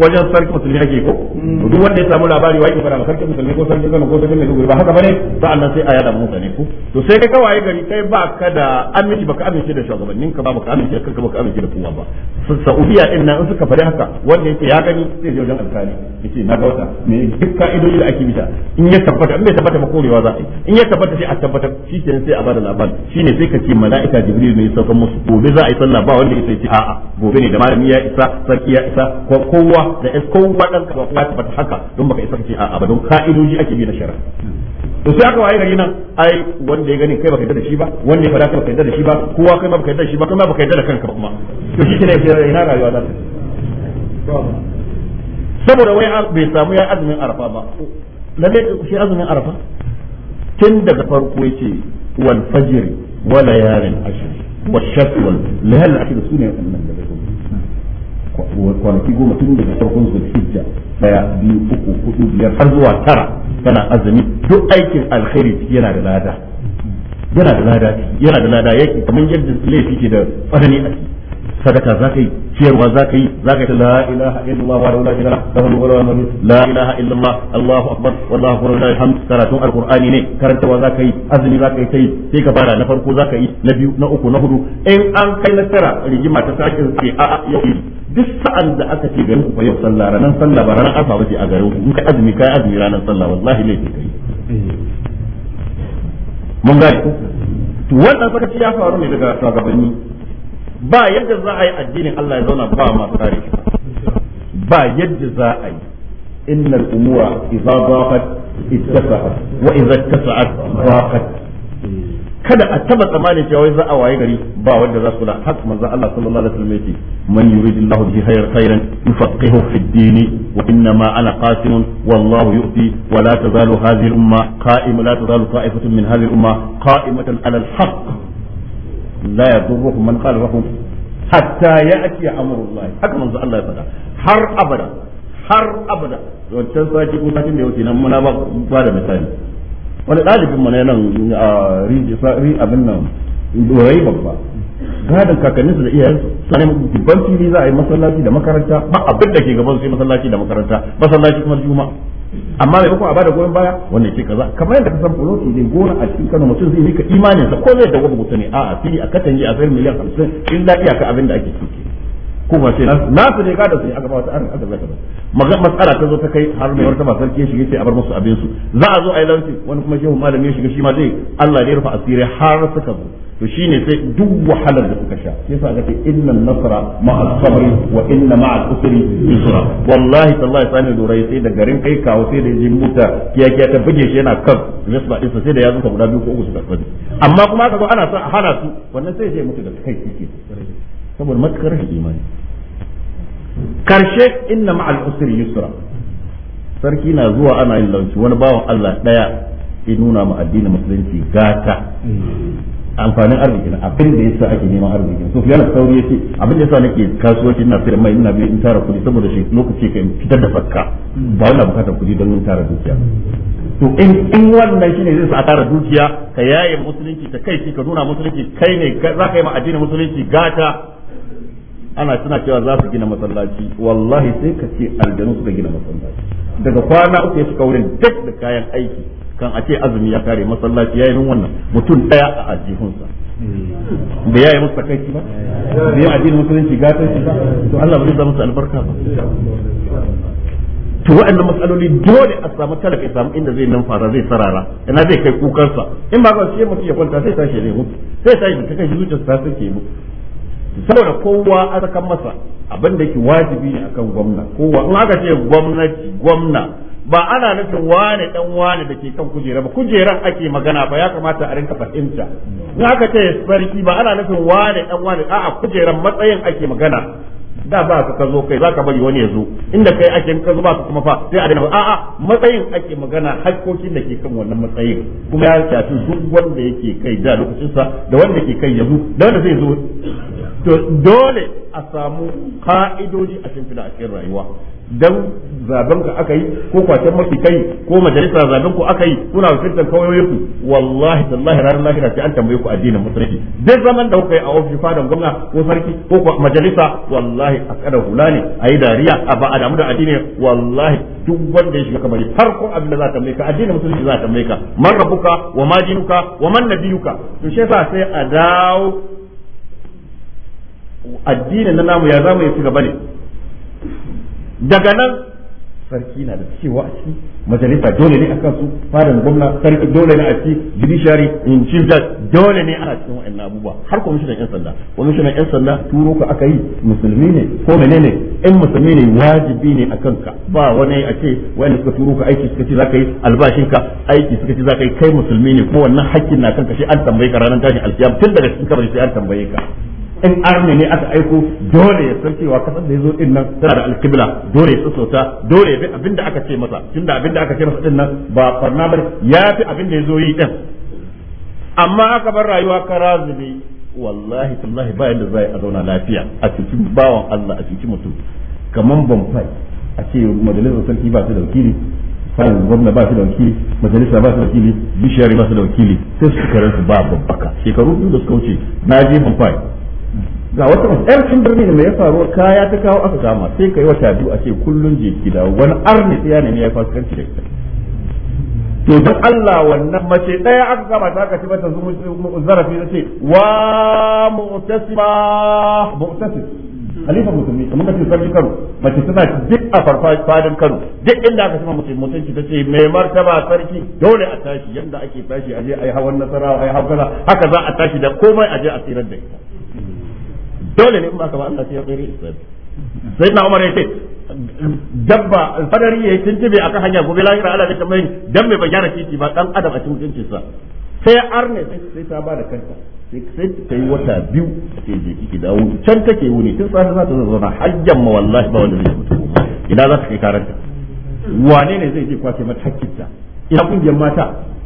wajen sarki musulmi ake ko mm. duk wanda ya samu labari wai fara sarki musulmi ko sarki zama ko sarki mai duguri ba haka bane sa'annan sai a yada mutane ku to sai kai kawai gari kai ba ka da aminci baka amince da shugabannin ka ba baka amince kanka baka amince da kowa ba Saudiya din nan in suka faɗi haka wanda yake ya gani sai je wajen alkali yace na gauta me duk ka'idoji da ake bisa in ya tabbata in bai tabbata ba korewa za a yi in ya tabbata sai a tabbata shikenan sai a bada labari shine sai ka ce mala'ika jibril ne ya sauka musu gobe za a yi sallah ba wanda yake ce a'a gobe ne da malami ya ya isa sarki ya isa ko kowa da is kowa dan ka ba ta bata haka don baka isa a'a ka'idoji ake bi na shari'a to sai aka waye gari nan ai wanda ya gani kai baka da shi ba wanda ya fada kai baka yarda da shi ba kowa kai baka da shi ba kai baka yarda da kanka ba kuma to shi ne rayuwa da saboda wai bai samu ya azumin arafa ba lalle shi azumin arafa tun daga farko yace wal fajr wa layalin ashr wa kwanaki goma tun daga farkon zulhijja daya biyu uku hudu biyar har zuwa tara kana azumi duk aikin alkhairi yana da lada yana da lada yana da lada yake kamar yadda laifi ke da tsanani a ciki sadaka za ka yi ciyarwa za ka yi za ka yi la ilaha illallah wa la ilaha illallah la ilaha illallah allahu akbar wallahu akbar la hamd karatun alqur'ani ne karantawa za ka yi azumi za ka yi sai sai ka fara na farko za ka yi na biyu na uku na hudu in an kai na tara rigima ta sake sai a a yau duk sa'ar da aka ce garin ku fa yau sallah ranar sallah ba ranar afa bace a garin ku in ka azumi kai azumi ranar sallah wallahi ne kai mun ga to wannan ya faru ne daga shugabanni ba yadda za a yi addinin Allah ya zauna ba masu ba yadda za a yi innal umura idza ittasa'at wa idza ittasa'at kada a taba tsammanin cewa wai za a waye gari ba wanda za su kula haka manzo Allah sallallahu alaihi wasallam yake man yuridillahu bihi khairan yufaqihu fi ad-din wa inna ma ana qasim wallahu yu'ti wa la tazalu hadhihi al-umma qa'ima la tazalu qa'ifatun min hadhihi al-umma qa'imatan 'ala al-haqq la yadurruhum man khalafahum hatta ya'ti amrullah haka manzo Allah ya faɗa har abada har abada wancan sati ko satin da yau kenan muna ba da misali wani ɗalibin mu ne nan a rijisari abin nan dorai babba gadon su da iyayensu sani dubban fili za a yi masallaci da makaranta ba abin da ke gaban su masallaci da makaranta masallaci kuma juma. amma mai uku a bada goyon baya wanda ke kaza kamar yadda ka san fuloti gona a cikin Kano mutum zai ka imanin sa ko zai da wani mutane a a fili a katange a sayar miliyan 50 da iyaka abin da ake ciki kufa ce nasu ne kada su ne aka ba ta aka zaka matsala ta zo ta kai har mai wata masar ke shige ce a bar musu abin su za a zo a yi lauci wani kuma shehu malami ya shiga shi ma zai Allah ne ya rufa asiri har suka zo to shine sai duk wahalar da suka sha sai sa ga inna nasra ma'a sabri wa inna ma'a usri yusra wallahi tallahi sani durai sai da garin kai kawo sai da jin muta kiyakiya ta buge shi yana kan nasba din sai da ya zuka guda biyu ko uku suka fadi amma kuma aka zo ana sa hana su wannan sai sai mutu da kai kike saboda matkar imani karshe inna ma'al usri yusra sarki na zuwa ana yin lauci wani bawan Allah daya ya nuna ma addinin musulunci gata amfanin arziki na abin da yasa ake neman arziki so fiye sauri yace abin da yasa nake kasuwanci ina fira mai ina in tara kudi saboda shi lokaci kai fitar da fakka ba wani bukatar kudi don in tara dukiya to in in wannan shine zai sa a tara dukiya ka yaye musulunci ta kai ka nuna musulunci kai ne za ka yi ma addinin musulunci gata ana suna cewa za su gina masallaci wallahi sai ka ce aljanu suka gina masallaci daga kwana uku suka wurin duk da kayan aiki kan a ce azumi ya kare masallaci Ya yayin wannan mutum daya a ajihunsa da hmm. yayi musu takaici ba da yayi addinin musulunci gatan shi ba to Allah bai zama musu albarka ba to waɗannan matsaloli dole a samu talaka ya samu inda zai nan fara zai sarara ina zai kai kukansa in ba ka shi mutum ya kwanta sai tashi ne mutu sai tashi ta kai zuciyarsa ta sake mutu saboda kowa a sakan masa abin da wajibi ne akan gwamna kowa in aka ce gwamnati gwamna ba ana nufin wane dan wane da ke kan kujera ba kujeran ake magana ba ya kamata a rinka fahimta in aka ce sarki ba ana nufin wane dan wane a'a kujeran matsayin ake magana da ba ka zo kai zaka bari wani ya zo inda kai ake ka zo ba ka kuma fa sai a dena a a matsayin ake magana hakkokin da ke kan wannan matsayin kuma ya shafi duk wanda yake kai da lokacin sa da wanda ke kai yazo da wanda zai zo to dole a samu ka'idoji a cikin a cikin rayuwa dan zaben ka aka yi ko kwacen mafi kai ko majalisa zaben ku aka yi kuna fitar kauyoyin ku wallahi tallahi ranar lahira sai an tambaye ku addinin musulunci duk zaman da kuka yi a ofishin fadan gwamna ko sarki ko majalisa wallahi a kada hula ne a yi dariya a ba a damu da addini wallahi duk wanda ya shiga kamar farko abin da za ta ka addinin musulunci za ta ka man rabuka wa ma dinuka wa man nabiyuka to shi yasa sai a dawo addinin na namu ya zamu yi ci gaba ne daga nan sarki na da cewa a ciki majalisa dole ne a su fadan gwamna sarki dole ne a ciki judiciary in chief dole ne ana cikin wa'annan abubuwa har kwamishinan yan sanda kwamishinan yan sanda turo ka aka yi musulmi ne ko menene in musulmi ne wajibi ne akan ka ba wani a ce wanda suka turo ka aiki suka ce zaka yi albashin ka aiki suka ce zaka yi kai musulmi ne ko wannan hakkin na kanka sai an tambaye ka ranar tashin alkiyama tun daga cikin kabari sai an tambaye ka in army ne aka aiko dole ya san cewa kasar da ya zo din nan tana da alkibla dole ya sassauta dole ya bi abin da aka ce masa tunda abin da aka ce masa din nan ba farna bane ya fi abin da ya zo yi din amma aka bar rayuwa karazumi wallahi tallahi ba yadda zai a zauna lafiya a cikin bawan Allah a cikin mutum kaman bonfai a ce majalisar sarki ba su da wakili sanin gwamna ba su da wakili majalisa ba su da wakili bishiyar ba su da wakili sai su karanta ba babbaka shekaru biyu da suka wuce na je bonfai ga wata ɗan birni da mai ya faruwar kaya ta kawo aka kama sai ka yi wata biyu a ce kullun je gida wani arni ne ya fasikanci da ita to Allah wannan mace aka kama ta aka ci mata zarafi ce wa kamar sarki mace tana duk a farfadin duk inda aka sama mutum mutunci tace mai martaba sarki dole a tashi yanda ake tashi aje ai hawan nasara ai hawan haka za a tashi da komai a tsirar da ita dole ne in baka ba Allah sai ya tsere israfi sai na umar ya ce dabba alfadari ya yi tuntube aka hanya gobe lahira Allah zai tambaye dan mai bai gyara titi ba dan adam a cikin tuntunsa sai arne sai ta ba da kanta sai ta yi wata biyu a je kike dawo can take wuni tun tsara za ta zo zauna hajjan ma wallahi ba wanda zai mutu ina za ta kai karanta wane ne zai je kwace mata hakkinta ina kungiyar mata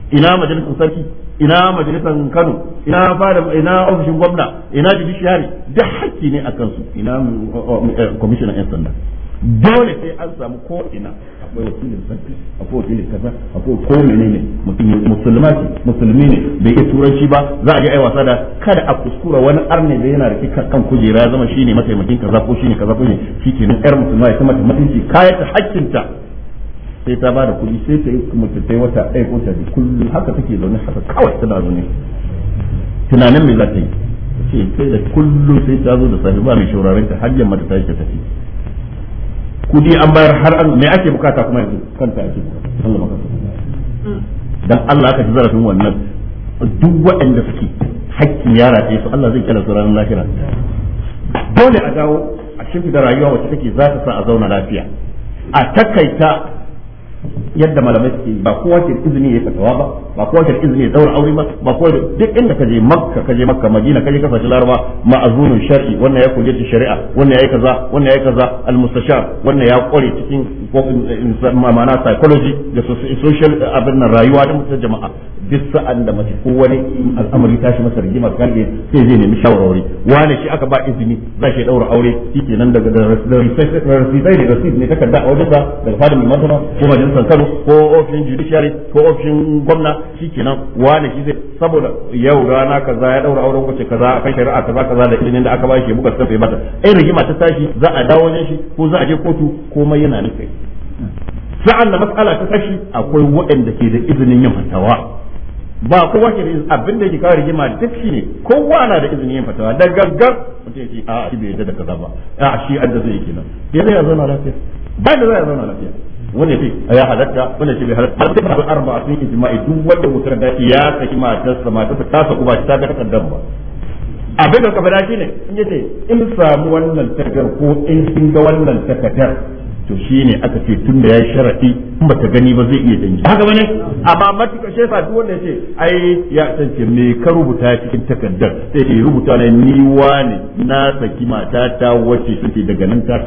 ina majalisar sarki ina majalisar Kano ina fara ina ofishin gwamna ina judiciary duk hakki ne akan su ina uh, uh, uh, commissioner yan sanda dole sai an samu ko ina akwai wakilin sarki akwai wakilin kaza akwai ko menene musulmati musulmi ne bai iya turanci ba za a ga aiwasa da kada a kuskura wani arne da yana rike kan kujera ya zama shine mataimakin kaza ko shine kaza ko ne nan yar musulma ya kuma mutunci kayata hakkinta sai ta bada kuɗi sai ta yi mace ta yi wata ɗaya ko ta kullum haka take zaune haka kawai tana zaune tunanin za ta yi ce kai da kullum sai ta zo da safe ba mai shauraren ta hajjan mata ta yi ta tafi kuɗi an bayar har an me ake bukata kuma yanzu kanta ake bukata Allah maka dan Allah aka ji zarafin wannan duk waɗanda suke hakkin yara ce su Allah zai kira su ranar lahira dole a dawo a shimfida rayuwa wacce take za ta sa a zauna lafiya a takaita yadda malamai suke ba kowa ke izini ya fatawa ba ba kowa ke izini ya daura aure ba ba kowa duk inda kaje makka kaje makka madina kaje kasashen laraba ma'azunun shar'i wannan ya koyi ta shari'a wannan yayi kaza wannan yayi kaza almustashar wannan ya kware cikin ma'ana psychology da social abin na rayuwa da mutum jama'a duk sa'an da mace ko wani al'amari tashi masa rigima kalbe sai zai nemi shawarwari wani shi aka ba izini za shi daura aure shikenan daga da rasai da rasai ne takarda a wajen sa daga fadin mai masana ko majalisar sansano ko ofishin judiciary ko ofishin gwamna shikenan wane shi zai saboda yau rana kaza ya daura auren kwace kaza kan shari'a kaza kaza da ilimin da aka ba shi buga sai mata ai rigima ta tashi za a dawo ne shi ko za a je kotu komai yana nufi sa'an da matsala ta tashi akwai waɗanda ke da izinin yin fatawa ba kowa ke da abin da yake kawo rigima duk shi ne kowa na da izinin yin fatawa da gaggar mutum ce a shi bai yadda da kaza ba a shi adda zai kenan yanzu ya zauna lafiya ba da za ya zauna lafiya wanda ce ya halatta wanda ce bai halatta sai ba arba cikin jima'i duk wanda mutar da ya saki matarsa matarsa ta saku ba ta ga takardar ba abin da kafa dace ne in yace in samu wannan takardar ko in kin ga wannan takardar to shine aka ce tun da ya sharadi in ta gani ba zai iya dangi haka bane amma matuka shefa duk wanda yace ai ya tance me ka rubuta cikin takardar sai ya rubuta ne ni wani na saki matata wacce take daga nan ta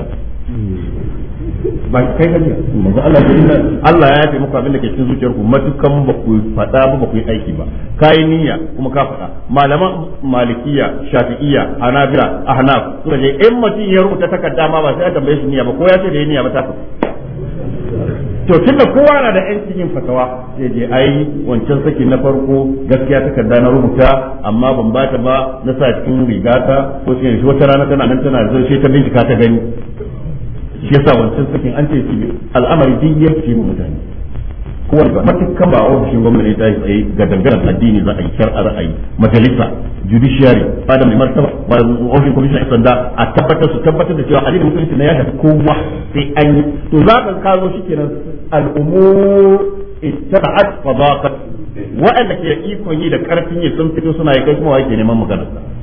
ba kai manzo Allah ya inna Allah ya yafe muku abin da ke cikin zuciyar ku matukan ba ku fada ba ba ku yi aiki ba kai niyya kuma ka fada malaman malikiya shafi'iyya Anabira ahnaf suka je in mutum ya rubuta takarda ma ba sai a tambaye shi niyya ba ko ya ce da niyya ba ta to tunda kowa na da yancin yin fatawa sai je ai wancan saki na farko gaskiya takarda na rubuta amma ban bata ba na sa cikin rigata ko sai wata rana tana nan tana zan ta bincika ta gani shi yasa wancan sakin an ce shi al'amari din ya fi mu mutane ba matukan ba ofishin gwamnati ta yi tsaye ga dangaren addini za a yi shar'a ra'ayi majalisa judiciary ba mai martaba ba da ofishin sanda a tabbatar su tabbatar da cewa addinin na ya shafi kowa sai an yi to za ka kawo shi kenan al'umur ittaba'at fadaqat wa'anda ke ikon yi da karfin yi sun fito suna yi kai kuma neman magana